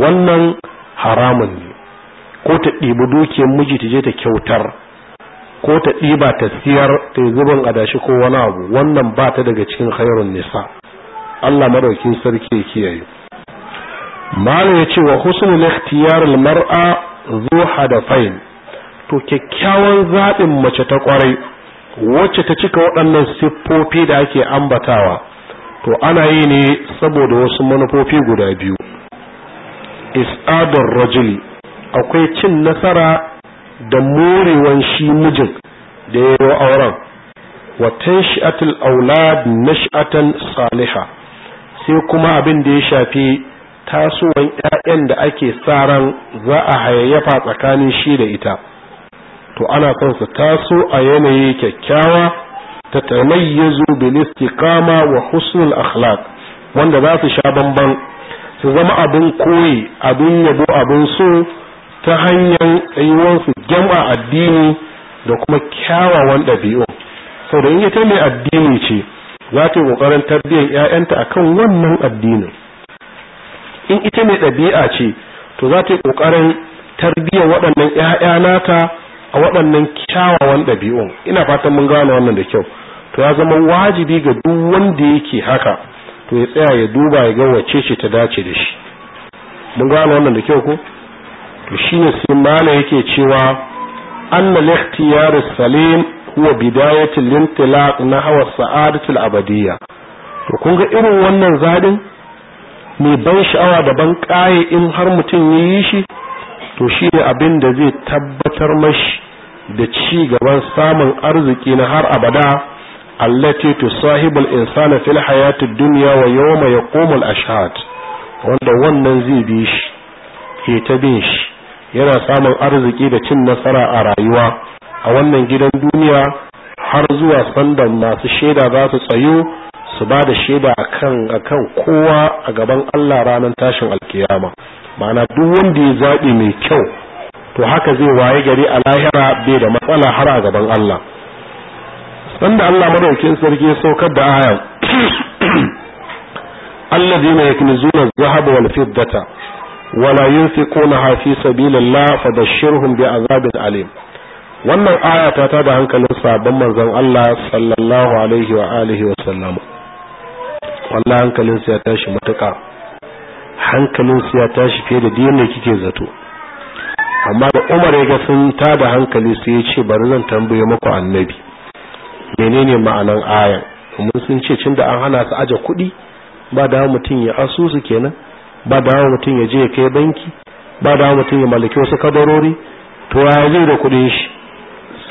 wannan haramun ne ko ta ɗibi dukiyar miji ta je ta kyautar ko ta ɗiba ta siyar ta zuban adashi ko wani abu wannan ba ta daga cikin khairun nisa Allah maɗaukin sarki ya kiyaye malam ya ce wa husnul ikhtiyar mar'a da hadafain to kyakkyawan zaɓin mace ta ƙwarai wacce ta cika waɗannan siffofi da ake ambatawa to ana yi ne saboda wasu manufofi guda biyu isadar rajuli akwai cin nasara da morewan shi mijin da ya yi auren wa tanshi'atul aulad nash'atan salihah sai kuma abin da ya shafi tasowar 'ya'yan da ake tsaran za a hayayyafa tsakanin shi da ita to ana son su taso a yanayi kyakkyawa ta tamayyazu bil istiqama wa husnul akhlaq wanda za su sha bamban su zama abin koyi abin yabo abin so ta hanyar tsayuwar su gyama addini da kuma kyawawan ɗabi'u saboda in ita mai addini ce za ta yi ƙoƙarin tarbiyyar 'ya'yanta akan wannan addinin in ita mai ɗabi'a ce to za ta yi ƙoƙarin tarbiyyar waɗannan ‘ya'ya nata a waɗannan kyawawan ɗabi'un ina fatan mun gane wannan da kyau to ya zama wajibi ga duk wanda yake haka to ya tsaya ya duba ya ga wacce ce ta dace da shi mun gane wannan da kyau ko to shine sai yake cewa anna lihtiyar salim huwa bidayatul lintilaq na hawa sa'adatul abadiyya to kun ga irin wannan zadin mai ban sha'awa da ban ƙaye in har mutum ya yi shi to shi ne abin da zai tabbatar mashi da ci gaban samun arziki na har abada allati sahibul insana fil hayati dunya wa yawma yaqumul ashhad wanda wannan zai bi shi ke ta bin shi yana samun arziki da cin nasara a rayuwa a wannan gidan duniya har zuwa sandan masu shaida za su tsayo su ba da shaida akan akan kowa a gaban Allah ranar tashin alkiyama ma'ana duk wanda ya zaɓi mai kyau to haka zai waye gari a lahira bai da matsala har a gaban Allah sanda Allah madaukin sarki ya saukar da ayan alladhina yaknizuna adh-dhahaba wal fiddata wala yunfiquna fi sabilillah fabashshirhum bi'adhabin alim wannan aya ta tada hankalin sabon manzon Allah sallallahu alaihi wa alihi wa sallam wallah hankalin ya tashi matuƙa hankalin ya tashi fiye da dinar kike zato amma da umar ya ga sun tada hankali sai ya ce bari zan tambaye muku annabi menene ma'anan ayan mun sun ce cin da an hana su aje kuɗi ba da mutum ya asusu kenan ba da mutum ya je ya kai banki ba da mutum ya mallaki wasu kadarori to ya je da kuɗin shi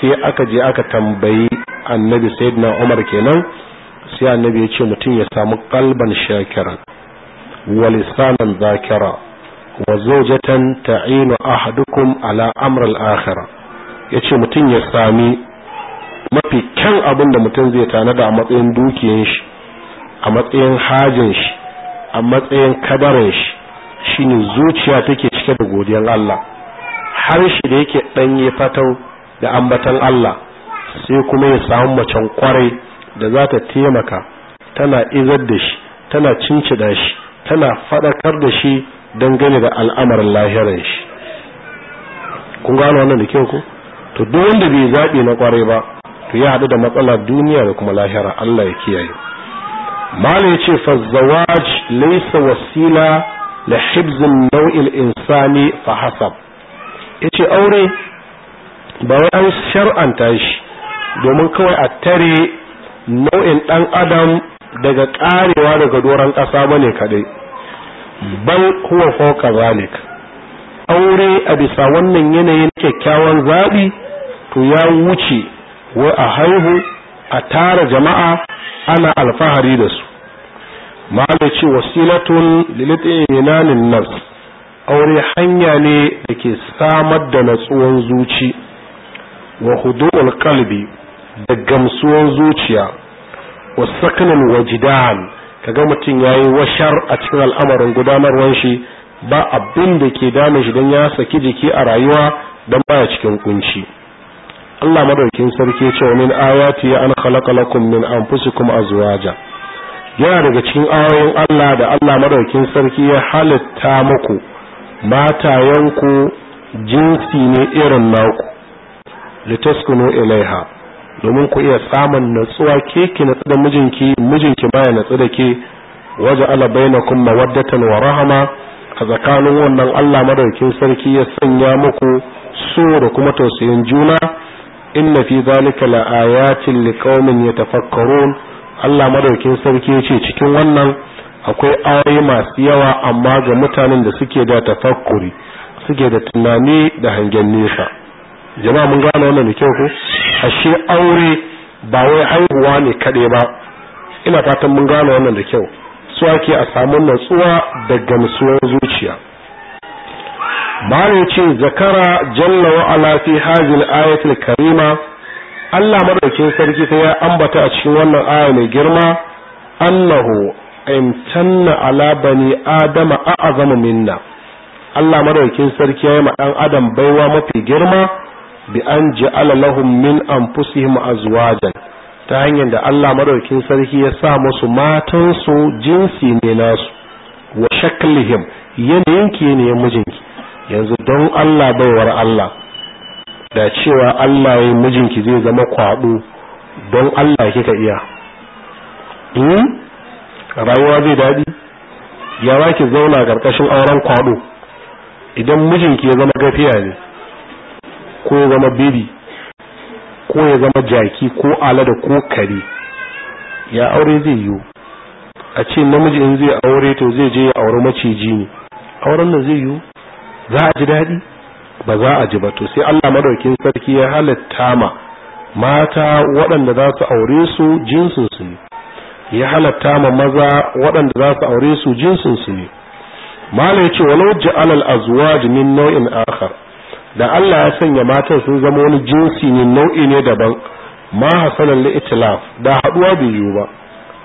sai aka je aka tambayi annabi sayyidina umar kenan sai annabi ya ce mutum ya samu kalban shakiran wa lisanan zakira wa zawjatan ta'inu ahadukum ala amr al-akhirah yace mutum ya sami mafi kyan abin da mutum zai tanada a matsayin dukiyar shi a matsayin hajin shi a matsayin kadarin shi shine zuciya take cike da godiyar Allah har shi da yake danye fatau da ambatan Allah sai kuma ya samu macen kwarai da za ta taimaka tana izar da shi tana da shi tana faɗakar da shi gani da al'amarin lahirar shi kun gano wannan da kyau ko to duk wanda bai zaɓi na ƙwarai ba to ya haɗu da matsala duniya da kuma lahira Allah ya kiyaye mala ya ce fazzawaj laisa wasila la hibzin nau'il insani fa hasab ya ce aure ba wai an shar'anta shi domin kawai a tare nau'in ɗan adam daga ƙarewa daga doron ƙasa ba ne kaɗai Ban kuwa fauka zalik aure a bisa wannan yanayin kyakkyawan zaɓi to ya wuce wai a haihu a tara jama'a ana alfahari da su ma'ana ce wasilatun lilitinanin nas aure hanya ne da ke samar da natsuwan zuci wa hudu'ul kalbi. da gamsuwan zuciya wa saknan wajidan kaga mutum yayi washar a cikin al'amarin gudanarwan shi ba abin da ke dame shi don ya saki jiki a rayuwa don baya cikin kunci Allah madaukin sarki ce wa min ayati ya an khalaqa lakum min anfusikum azwaja yana daga cikin ayoyin Allah da Allah madaukin sarki ya halitta muku matayenku jinsi ne irin naku litaskunu ilaiha domin ku iya samun natsuwa ke ki natsu da mijinki mijinki ma ya natsu da ke waje ala bainakum mawaddatan wa rahama a tsakanin wannan Allah madaukin sarki ya sanya muku so da kuma tausayin juna inna fi zalika la ayatin ya yatafakkarun Allah madaukin sarki ce cikin wannan akwai ayoyi masu yawa amma ga mutanen da suke da tafakkuri suke da tunani da hangen nesa jama'a mun gane wannan da kyau ko ashe aure ba wai haihuwa ne kaɗai ba ina fatan mun gane wannan da kyau su ake a samu natsuwa da gamsuwar zuciya malin ce zakara jalla wa ala fi hazil ayatul karima Allah madaukin sarki ta ya ambata a cikin wannan aya mai girma annahu imtanna ala bani adama a'azama minna Allah madaukin sarki ya yi ma dan adam baiwa mafi girma bi an ja'ala lahum min anfusihim azwajan ta hanyar da Allah madaukin sarki ya sa musu matan su jinsi ne nasu wa shaklihim yanayin ki ne mijinki yanzu don Allah baiwar Allah da cewa Allah ya mijinki zai zama kwado don Allah kika iya hmm? rayuwa zai dadi ya ki zauna karkashin auren kwado idan mijinki ya zama gafiya ne ko ya zama biri ko ya zama jaki ko ala da ko kare ya aure zai yiwu a ce namiji in zai aure to zai je ya aure maciji ne auren da zai yiwu za a ji daɗi ba za a ji ba to sai Allah madaukin sarki ya halatta ma mata waɗanda za su aure su jinsin su ne ya halatta ma maza waɗanda za su aure su jinsin su ne malai ce walau ja'al alal azwaj min naw'in akhar da Allah ya sanya matan sun zama wani jinsi ne nau'i ne daban ma hasalan li itlaf da haduwa bai yiwu ba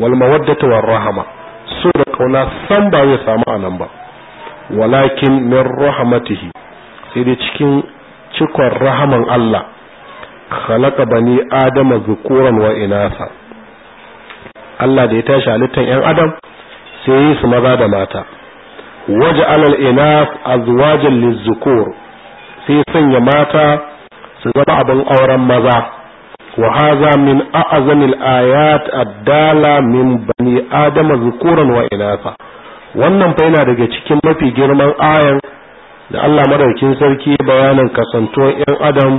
wal mawaddatu war rahama so da kauna san ba zai samu anan ba walakin min rahmatihi sai dai cikin cikon rahaman Allah khalaqa bani adama zukuran wa inasa Allah da ya tashi halittar yan adam sai yi su maza da mata waje alal inas azwajan lizukur sai sanya mata su zama abin auren maza wa haza min a'zamil ayat addala min bani adama zukuran wa inasa wannan fa yana daga cikin mafi girman ayan da Allah madaukin sarki bayanin kasantuwar yan adam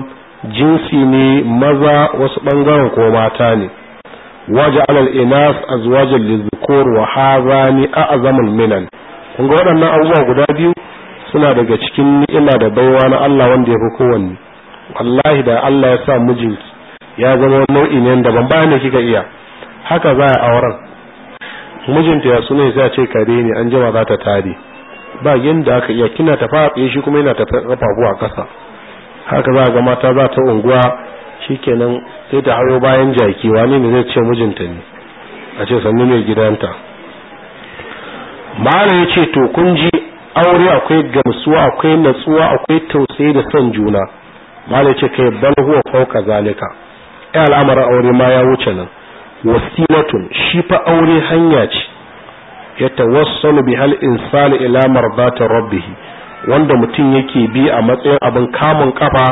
jinsi ne maza wasu bangaren ko mata ne inas azwajan lizukur wa haza ni a'zamul minan kun ga waɗannan abubuwa guda biyu suna daga cikin ni'ima da baiwa na Allah wanda ya fi kowanne wallahi da Allah ya sa mijinki ya zama nau'i ne daban ba da kika iya haka za a auren mijinta ya sune sai a ce kare ne an jima za ta tare ba yanda aka iya kina ta fafe shi kuma yana ta rafafu a ƙasa haka za ga mata za ta unguwa shikenan sai ta hayo bayan jaki wani ne zai ce mijinta ne a ce sannu mai gidanta ma'ana ya ce to kun ji aure akwai gamsuwa akwai natsuwa akwai tausayi da son juna malai ce kai bal huwa fauka zalika ai al'amarin aure ma ya wuce nan wasilatun shi fa aure hanya ce ya tawassalu bi hal insani ila marbata rabbih wanda mutum yake bi a matsayin abin kamun kafa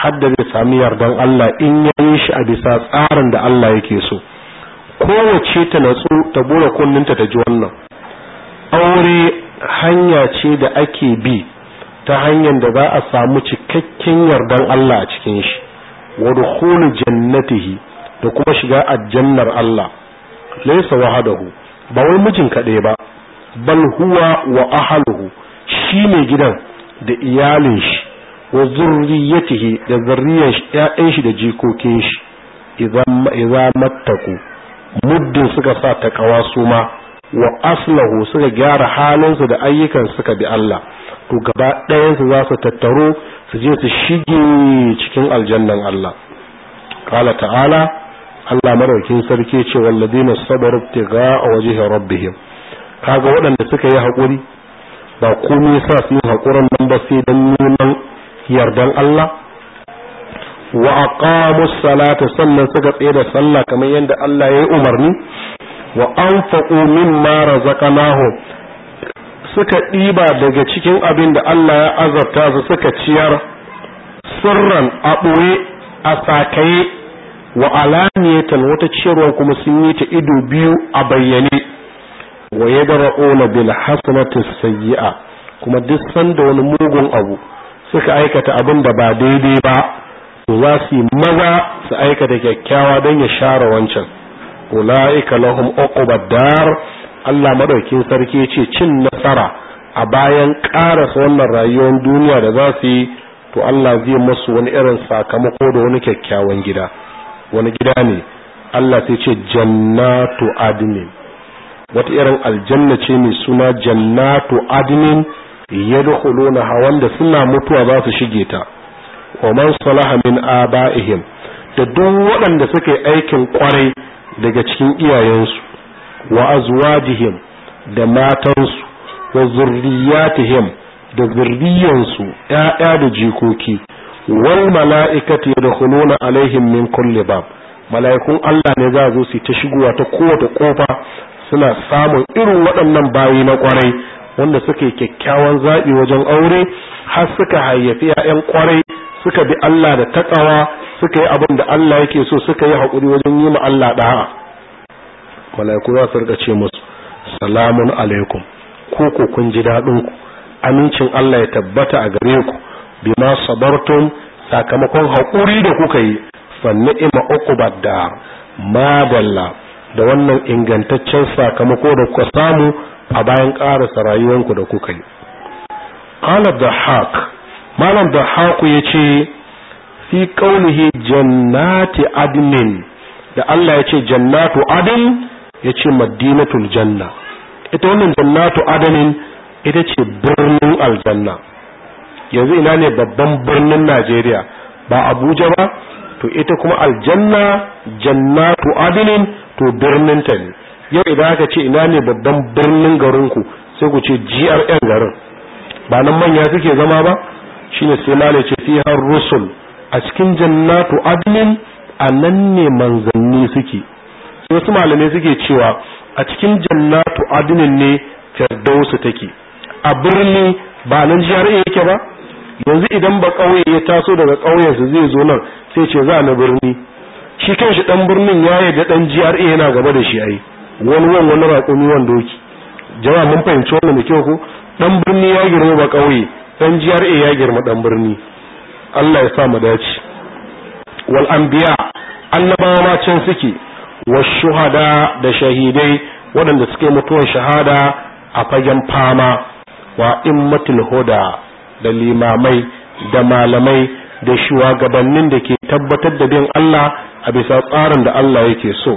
har da zai sami yardan Allah in ya yi shi a bisa tsarin da Allah yake so kowace ta natsu ta bura kunninta ta ji wannan aure hanya ce da ake bi ta hanyar da za a samu cikakken yardan Allah a cikin shi wa dukhulu jannatihi da kuma shiga aljannar Allah Laisa wahadahu ba wai mijin kaɗai ba bal huwa wa ahluhu shi ne gidan da iyalin shi wa zurriyatihi da zurriyar shi ƴaƴan shi da jikokin shi idan idan mattaku muddin suka sa takawa su ma wa aslahu suka gyara halinsu da ayyukan suka bi Allah to gaba ɗayansu za su tattaro su je su shige cikin aljannan Allah qala ta'ala Allah maraukin sarki ce walladina sabaru tiga a wajen rabbihim kaga waɗanda suka yi hakuri ba komai sa su yi haƙurin nan ba sai dan neman yardan Allah wa aqamu salata sannan suka tsere sallah kamar yadda Allah ya yi umarni wa anfaqu mimma razaqnahum suka ɗiba daga cikin abin da Allah ya azabta su suka ciyar sirran a ɓoye a sakaye wa alaniyatan wata ciyarwa kuma sun yi ta ido biyu a bayyane wa yadra'una bil hasanati sayyi'a kuma duk sanda wani mugun abu suka aikata abin da ba daidai ba to za su yi maza su aikata kyakkyawa don ya share wancan ula'ika lahum uqubad dar Allah madaukin sarki yace cin nasara a bayan ƙara wannan rayuwar duniya da za su yi to Allah zai musu wani irin sakamako da wani kyakkyawan gida wani gida ne Allah sai ce jannatu adnin wata irin aljanna ce mai suna jannatu adnin yadkhuluna hawan da suna mutuwa za su shige ta wa man salaha min abaihim da duk waɗanda suka yi aikin kwarai daga cikin iyayensu wa azwajihim da matansu wa zurriyatihim da zurriyansu 'ya'ya da jikoki wal mala'ikatu yadkhuluna alaihim min kulli bab mala'ikun Allah ne za zo su ta shigowa ta kowace kofa suna samun irin waɗannan bayi na kwarai wanda suke kyakkyawan zaɓi wajen aure har suka hayyafi ‘ya'yan kwarai suka bi Allah da taƙawa suka yi abin da Allah yake so suka yi haƙuri wajen yi ma Allah ɗaha mala'iku za su rika ce musu salamun alaikum ko ku kun ji daɗin ku amincin Allah ya tabbata a gare ku bima sabartum sakamakon haƙuri da kuka yi fa ni'ma uku badda ma dalla da wannan ingantaccen sakamako da kuka samu a bayan ƙarasa rayuwanku da kuka yi Malam da malam ya ce. fi kaunihi jannati adnin da Allah yace jannatu adn yace madinatul janna ita wannan jannatu adnin ita ce birnin aljanna yanzu ina ne babban birnin Najeriya ba Abuja ba to ita kuma aljanna jannatu adnin to birnin ta ne yau idan aka ce ina ne babban birnin garin ku sai ku ce GRN garin ba nan manya suke zama ba shine sai malai ce fi har rusul a cikin jannatu adnin a nan ne manzanni suke sai wasu malamai suke cewa a cikin jannatu adnin ne firdausu take a birni ba nan jihar yake ba yanzu idan ba ƙauye ya taso daga su zai zo nan sai ce za na birni shi kanshi dan birnin ya da dan GRA yana gaba da shi ai wani wani wani raƙumi wani doki jama'a mun fahimci wannan da kyau ko dan birni ya girma ba ƙauye dan GRA ya girma dan birni Allah ya sa mu dace wal anbiya annabawa ma can suke wa shuhada da shahidai waɗanda suke mutuwar shahada a fagen fama wa matul huda da limamai da malamai da shugabannin da ke tabbatar da bin Allah a bisa tsarin da Allah yake so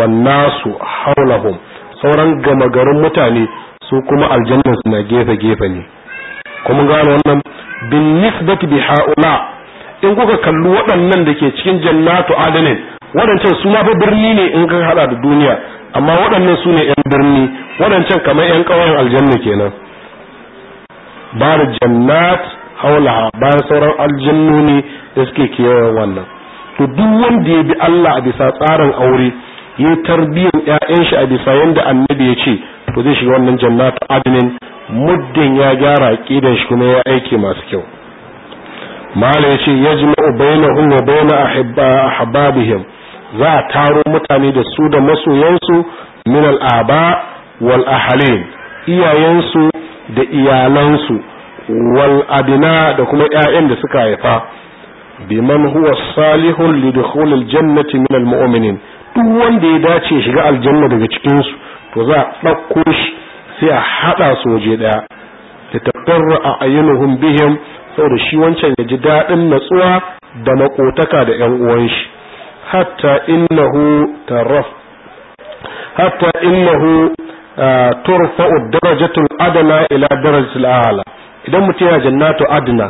wannasu haulahum sauran gama garin mutane su kuma aljannan na gefe gefe ne kuma gano wannan bin nisbati bi haula in kuka kalli waɗannan da ke cikin jannatu adanin waɗancan su ma fa birni ne in ka hada da duniya amma waɗannan su ne yan birni waɗancan kamar yan ƙauyen aljanna kenan ba da jannat haulaha bayan sauran aljannoni da suke kewayen wannan to duk wanda ya bi Allah a bisa tsarin aure ya tarbiyyar ƴaƴan shi a bisa yanda annabi ya ce to zai shiga wannan jannatu adanin muddin ya gyara aqidan shi kuma ya aiki masu kyau mala yace yajma'u bainahum wa baina ahbabihim za a taro mutane da su da masoyansu min al'aba wal ahalin iyayensu da iyalansu wal da kuma ƴaƴan da suka haifa biman huwa salihun lidukhul jannati min mu'minin duk wanda ya dace shiga aljanna daga cikin su to za a ɗauko shi sai a hada su waje daya a a'yunuhum bihim saboda shi wancan ya ji daɗin natsuwa da makotaka da ƴan uwan shi hatta innahu taraf hatta innahu turfa'u darajatul adana ila darajatil a'la idan mutum ya jannatu adna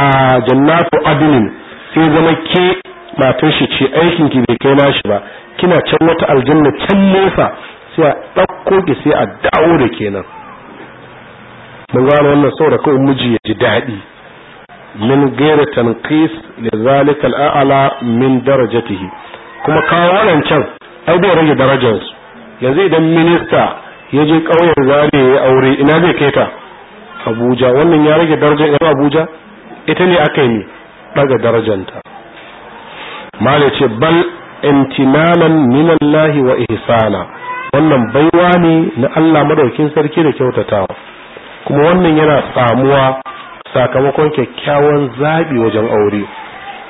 a jannatu adnin sai zama ke matar shi ce aikin ki bai kai nashi ba kina can wata aljanna can nesa sai ɗauko ki sai a dawo da kenan mun gano wannan sau saboda kawai miji ya ji daɗi min gaira tankis da zalikal a'ala min darajatihi kuma kawo can ai bai rage darajarsu yanzu idan minista ya je ƙauyen zare ya aure ina zai kai ta abuja wannan ya rage darajar yan abuja ita ne aka yi daga darajanta mala ce bal intinanan min lahi wa ihsana wannan baiwa ne na Allah madaukin sarki da kyautatawa kuma wannan yana samuwa sakamakon kyakkyawan zabi wajen aure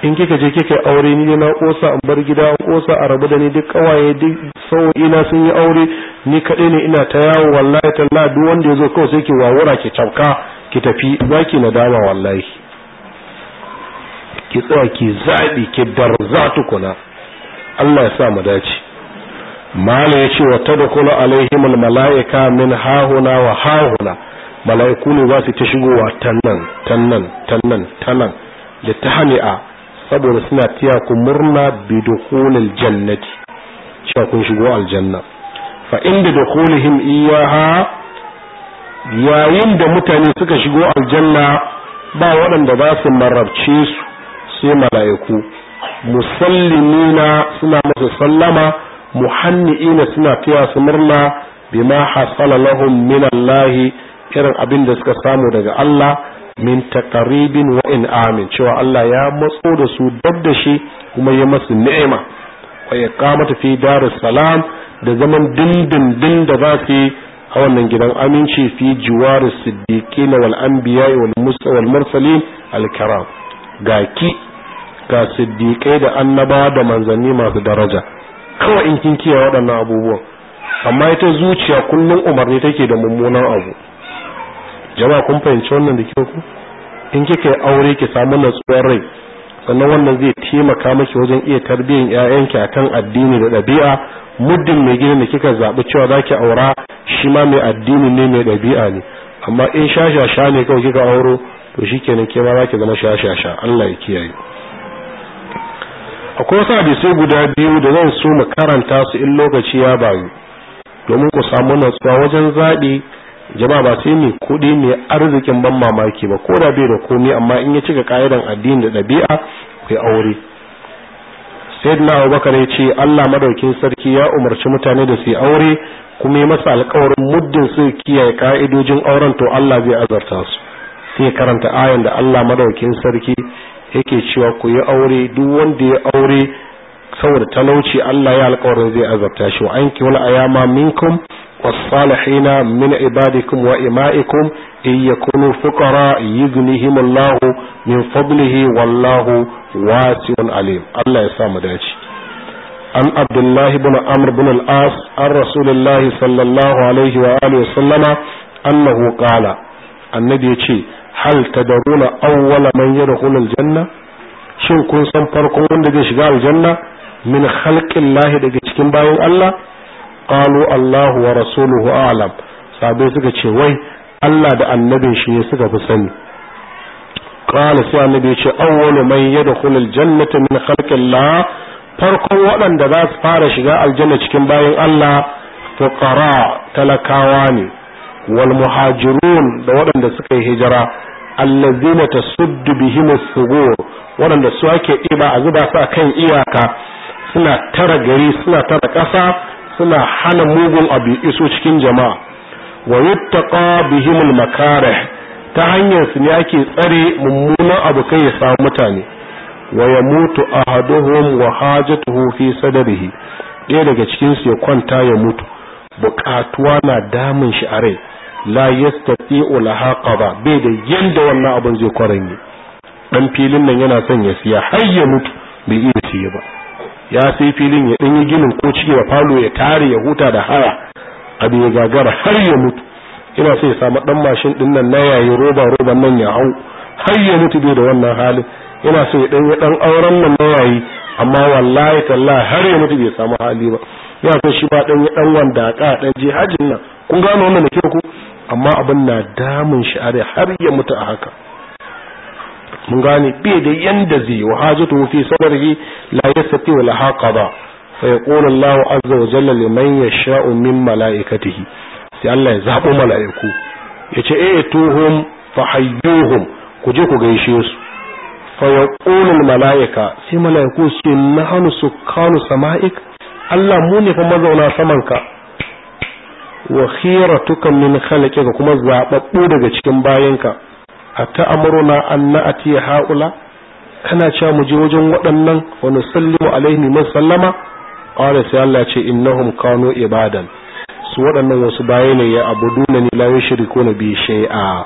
in kika je kika aure ni na kosa in bar gida in kosa a rabu da ni duk kawaye duk sau ina sun yi aure ni kaɗai ne ina ta yawo wallahi talla duk wanda ya zo kawai sai ki wawura ki cafka ki tafi zaki nadama wallahi ki tsaya ki zaɓi ki darzatu kuna Allah ya sa mu dace mala ya ce wa ta da kula alaihimul mala'ika min hahuna wa hahuna mala'iku ne za su ta shigowa tannan tannan tannan tannan da ta hani'a saboda suna tiya ku murna bi dukhulil jannati cewa kun shigo aljanna fa inda iya ha yayin da mutane suka shigo aljanna ba waɗanda za su marabce su sai mala'iku musallimina suna masa sallama muhanni'ina suna taya su murna bima hasala lahum min Allah irin abin da suka samu daga Allah min taqribin wa in amin cewa Allah ya matso da su dab shi kuma ya masu ni'ima wa iqamatu fi darus salam da zaman dindindin da za su yi a wannan gidan aminci fi jiwaris siddiqin wal anbiya wal mursalin al karam ga ki ga siddiqai da annaba da manzanni masu daraja kawai in kin kiyaye waɗannan abubuwan amma ita zuciya kullum umarni take da mummunan abu jama'a kun fahimci wannan da kyau ku in kika yi aure ki samu natsuwar rai sannan wannan zai taimaka miki wajen iya tarbiyyar ƴaƴanki akan addini da ɗabi'a muddin mai gidan da kika zaɓi cewa za ki aura shi ma mai addini ne mai ɗabi'a ne amma in sha sha-sha-sha ne kawai kika auro to shi kenan ke ma ki zama sha sha-sha-sha Allah ya kiyaye akwai wasu hadisai guda biyu da zan so mu karanta su in lokaci ya bayu domin ku samu natsuwa wajen zaɓi jama'a ba sai mai kuɗi mai arzikin ban mamaki ba ko da bai da komai amma in ya cika ka'idan addini da ɗabi'a kai aure sayyidina abubakar ya ce allah madaukin sarki ya umarci mutane da su aure kuma ya masa alkawarin muddin su kiyaye ka'idojin auren to allah zai azarta su sai karanta ayan da allah madaukin sarki yake cewa ku yi aure duk wanda ya aure saboda talauci Allah ya alƙawarin zai azabta shi wa anki wal ayama minkum والصالحين من عبادكم وإمائكم إن يكونوا فقراء يغنيهم الله من فضله والله واسع عليم الله يسامى داجي عن عبد الله بن عمرو بن العاص عن رسول الله صلى الله عليه وآله وسلم أنه قال النبي يقول hal tadruna awwala man yadkhulul janna shin kun san farkon wanda zai shiga aljanna min lahi daga cikin bayan Allah qalu Allahu wa rasuluhu a'lam sabe suka ce wai Allah da annabin shi ne suka fi sani qala sai annabi ce awwalu man yadkhulul jannata min khalqillah farkon waɗanda za su fara shiga aljanna cikin bayan Allah fuqara talakawa ne wal muhajirun da waɗanda suka yi hijira allazina tasuddu bihim as-sugur waɗanda su ake iba a zuba su kan iyaka suna tara gari suna tara ƙasa suna hana mugun abu iso cikin jama'a wa yuttaqa bihim al-makarih ta hanyar su ne ake tsare mummunan abu kai ya samu mutane wa yamutu ahaduhum wa hajatuhu fi sadrihi ɗaya daga cikin su ya kwanta ya mutu bukatuwa na damun shi a rai la yastati'u laha qada bai da yanda wannan abun zai kwaranye dan filin nan yana son ya siya har ya mutu bai iya siya ba ya sai filin ya yi ginin ko ciki da falo ya tare ya huta da haya abin ya gagara har ya mutu ina sai ya samu dan mashin din nan na yayi roba roba nan ya hau har ya mutu bai da wannan halin Ina so ya dan ya dan auren nan na yayi amma wallahi tallahi har ya mutu bai samu hali ba ya so shi ba dan ya dan wanda ka dan je hajin nan kun gano wannan da ke ku amma abin na damun shi are har ya mutu a haka mun gane bi da yanda zai wa hajatu fi sabrihi la yastati wa la haqada fa yaqulu Allahu azza wa jalla liman yasha'u min malaikatihi sai Allah ya zabo malaiku yace eh tuhum fa hayyuhum ku je ku gaishe su fa yaqulu al malaika sai malaiku su nahnu sukkanu sama'ik Allah mu ne fa mazauna samanka wa khiratukan min khalqika kuma zababbu daga cikin bayanka atta amruna an na'ti haula kana cewa mu je wajen waɗannan wa nusallimu alaihi man sallama qala sai Allah ce innahum kanu ibadan su waɗannan wasu baye ne ya abuduna ni la yushrikuna bi shay'a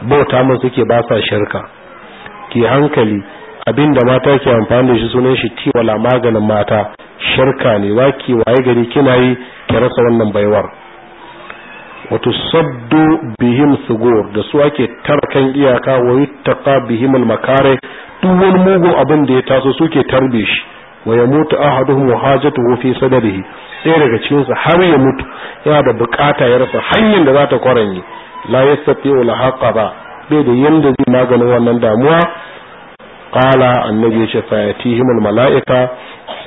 Bota mun suke ba sa shirka ki hankali abinda mata ke amfani da shi sunan shi tiwala maganin mata shirka ne waki waye gari kina yi ki rasa wannan baiwar wato saddu bihim sugur da su ake tarkan iyaka wa yuttaqa bihim makare duk wani mugun abin da ya taso suke tarbe shi wa mutu ahaduhum wa hajatuhu fi sadrihi sai daga cikin su har ya mutu yana da bukata ya rasa hanyar da za ta kwaranye la yastati'u la ba bai da yanda zai maganin wannan damuwa qala annabi ya ce fayatihim al-mala'ika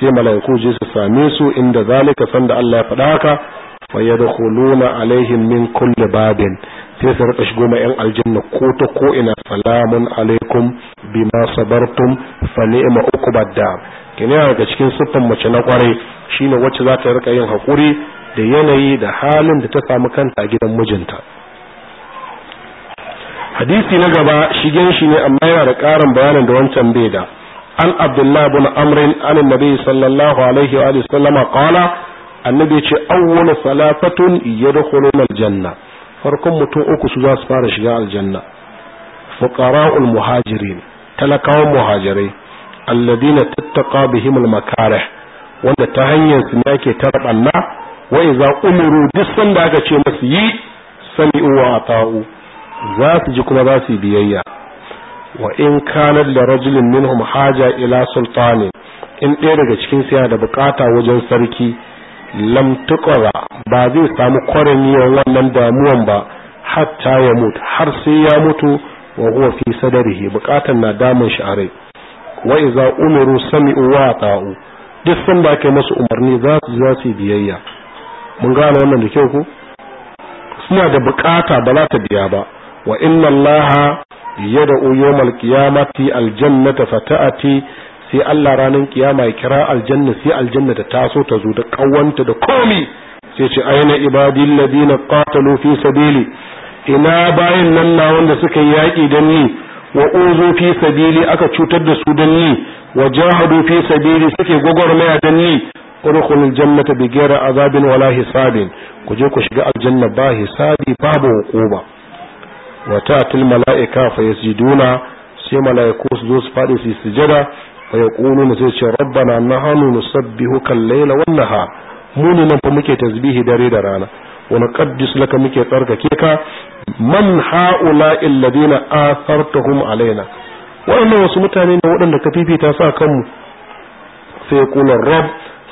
sai mala'iku je su same su inda zalika da Allah ya faɗa haka fa yadkhuluna alaihim min kulli babin sai su rika shigo ma yan aljanna ko ta ko'ina. ina salamun alaikum bima sabartum fa ni'ma uqbad daga cikin sufan mace na kwarai shine wacce za ta rika yin hakuri da yanayi da halin da ta samu kanta a gidan mijinta hadisi na gaba shigen shi ne amma yana da ƙarin bayanin da wancan bai da an abdullahi bin amrin an nabi sallallahu alaihi wa sallama qala annabi ce awwal salafatun yadkhuluna aljanna farkon mutum uku su za su fara shiga aljanna fuqara'ul muhajirin talakawan muhajirai alladina tattaqa bihim almakarih wanda ta hanyar su ne ake tarbanna wa idza umiru duk sanda aka ce musu yi sami'u wa ata'u za su ji kuma za su biyayya wa in kanat da rajulin minhum haja ila sultani in ɗaya daga cikin siya da bukata wajen sarki lam ba zai samu kwarin yawan wannan damuwan ba hatta ya mutu har sai ya mutu wa huwa fi sadarihi bukatan na damun shi a rai wa iza umiru sami'u wa ta'u duk sun ba kai masu umarni za su za su biyayya mun gane wannan da kyau ko suna da bukata ba za ta biya ba wa inna allaha yada'u yawmal qiyamati aljannata fata'ati sai Allah ranar kiyama ya kira aljanna sai aljanna ta taso ta zo da kawanta da komi sai ce aina ibadil ladina qatalu fi sabili ina bayin nan na wanda suka yi yaki dan ni wa uzu fi sabili aka cutar da su dan ni wa jahadu fi sabili suke gwagwarmaya dan ni udkhulul jannata bighayri azabin wala hisabin ku je ku shiga aljanna ba hisabi babu hukuma wa ta'til mala'ika fa yasjuduna sai mala'iku su zo su faɗi su sujada fa yaquluna sai ce rabbana na nusabbihuka al laila wan nahar mu ne nan fa muke tasbihi dare da rana wa naqaddis laka muke tsarkake ka man haula alladhina athartahum alaina Waɗannan wasu mutane ne waɗanda ka fifita sa kanmu mu sai yaqulu rabb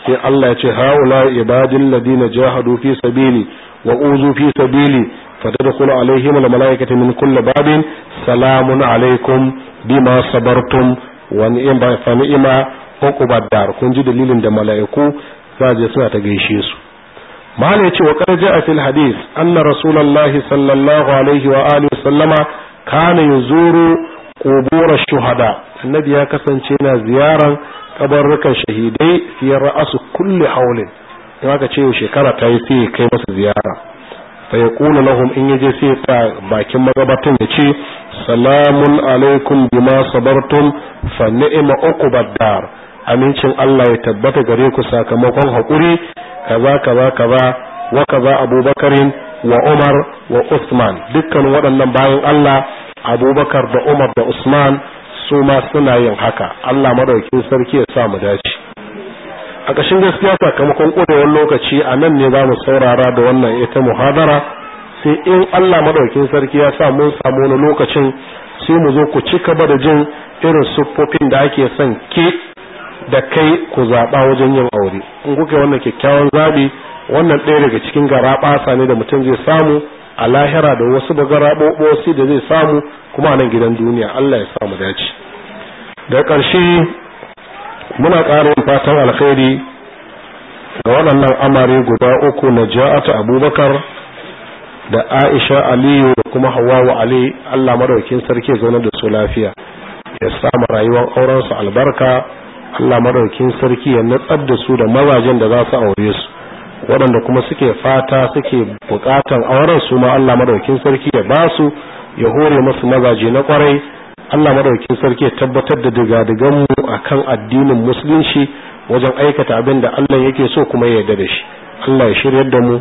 sai Allah ya ce haula ibadil ladina jahadu fi sabili wa uzu fi sabili فتدخل عليهم الملائكة min كل babin salamun alaikum bima sabartun. wani in ba fa ni'ima uqubad dar kun ji dalilin da mala'iku za je suna ta gaishe su malai ce wa qad ja'a fil hadis anna rasulullahi sallallahu alaihi wa alihi sallama kana yuzuru qubur shuhada annabi ya kasance na ziyaran kabarrukan shahidai fi ra'su kulli hawlin in aka ce shekara ta yi sai kai masa ziyara fa yaqulu lahum in yaje sai ta bakin magabatan yace salamun alaikum bima sabartum fa ni'ma uqbad amincin Allah ya tabbata gare ku sakamakon haƙuri kaza kaza kaza wa kaza abubakarin wa umar wa usman dukkan waɗannan bayan Allah abubakar da umar da usman su ma suna yin haka Allah madaukin sarki ya sa mu dace a ƙashin gaskiya sakamakon ƙudewar lokaci a nan ne za mu saurara da wannan ita muhadara sai in Allah madaukin sarki ya sa mun samu na lokacin sai mu zo ku ci gaba da jin irin siffofin da ake son ke da kai ku zaɓa wajen yin aure in kuka wannan kyakkyawan zaɓi wannan ɗaya daga cikin garaɓasa ne da mutum zai samu a lahira da wasu da garaɓoɓosi da zai samu kuma a nan gidan duniya Allah ya samu dace da ƙarshe muna ƙarin fatan alkhairi ga waɗannan amare guda uku na ja'atu abubakar da aisha aliyu da kuma hawawa ali allah madaukin sarki zaune da su lafiya ya samu rayuwar aurensu albarka allah madaukin sarki ya natsar da su da mazajen da za su aure su waɗanda kuma suke fata suke buƙatan auren su ma allah madaukin sarki ya ba su ya hore masu mazaje na kwarai allah madaukin sarki ya tabbatar da digadiganmu a kan addinin musulunci wajen aikata abin da allah yake so kuma ya yarda da shi allah ya shiryar da mu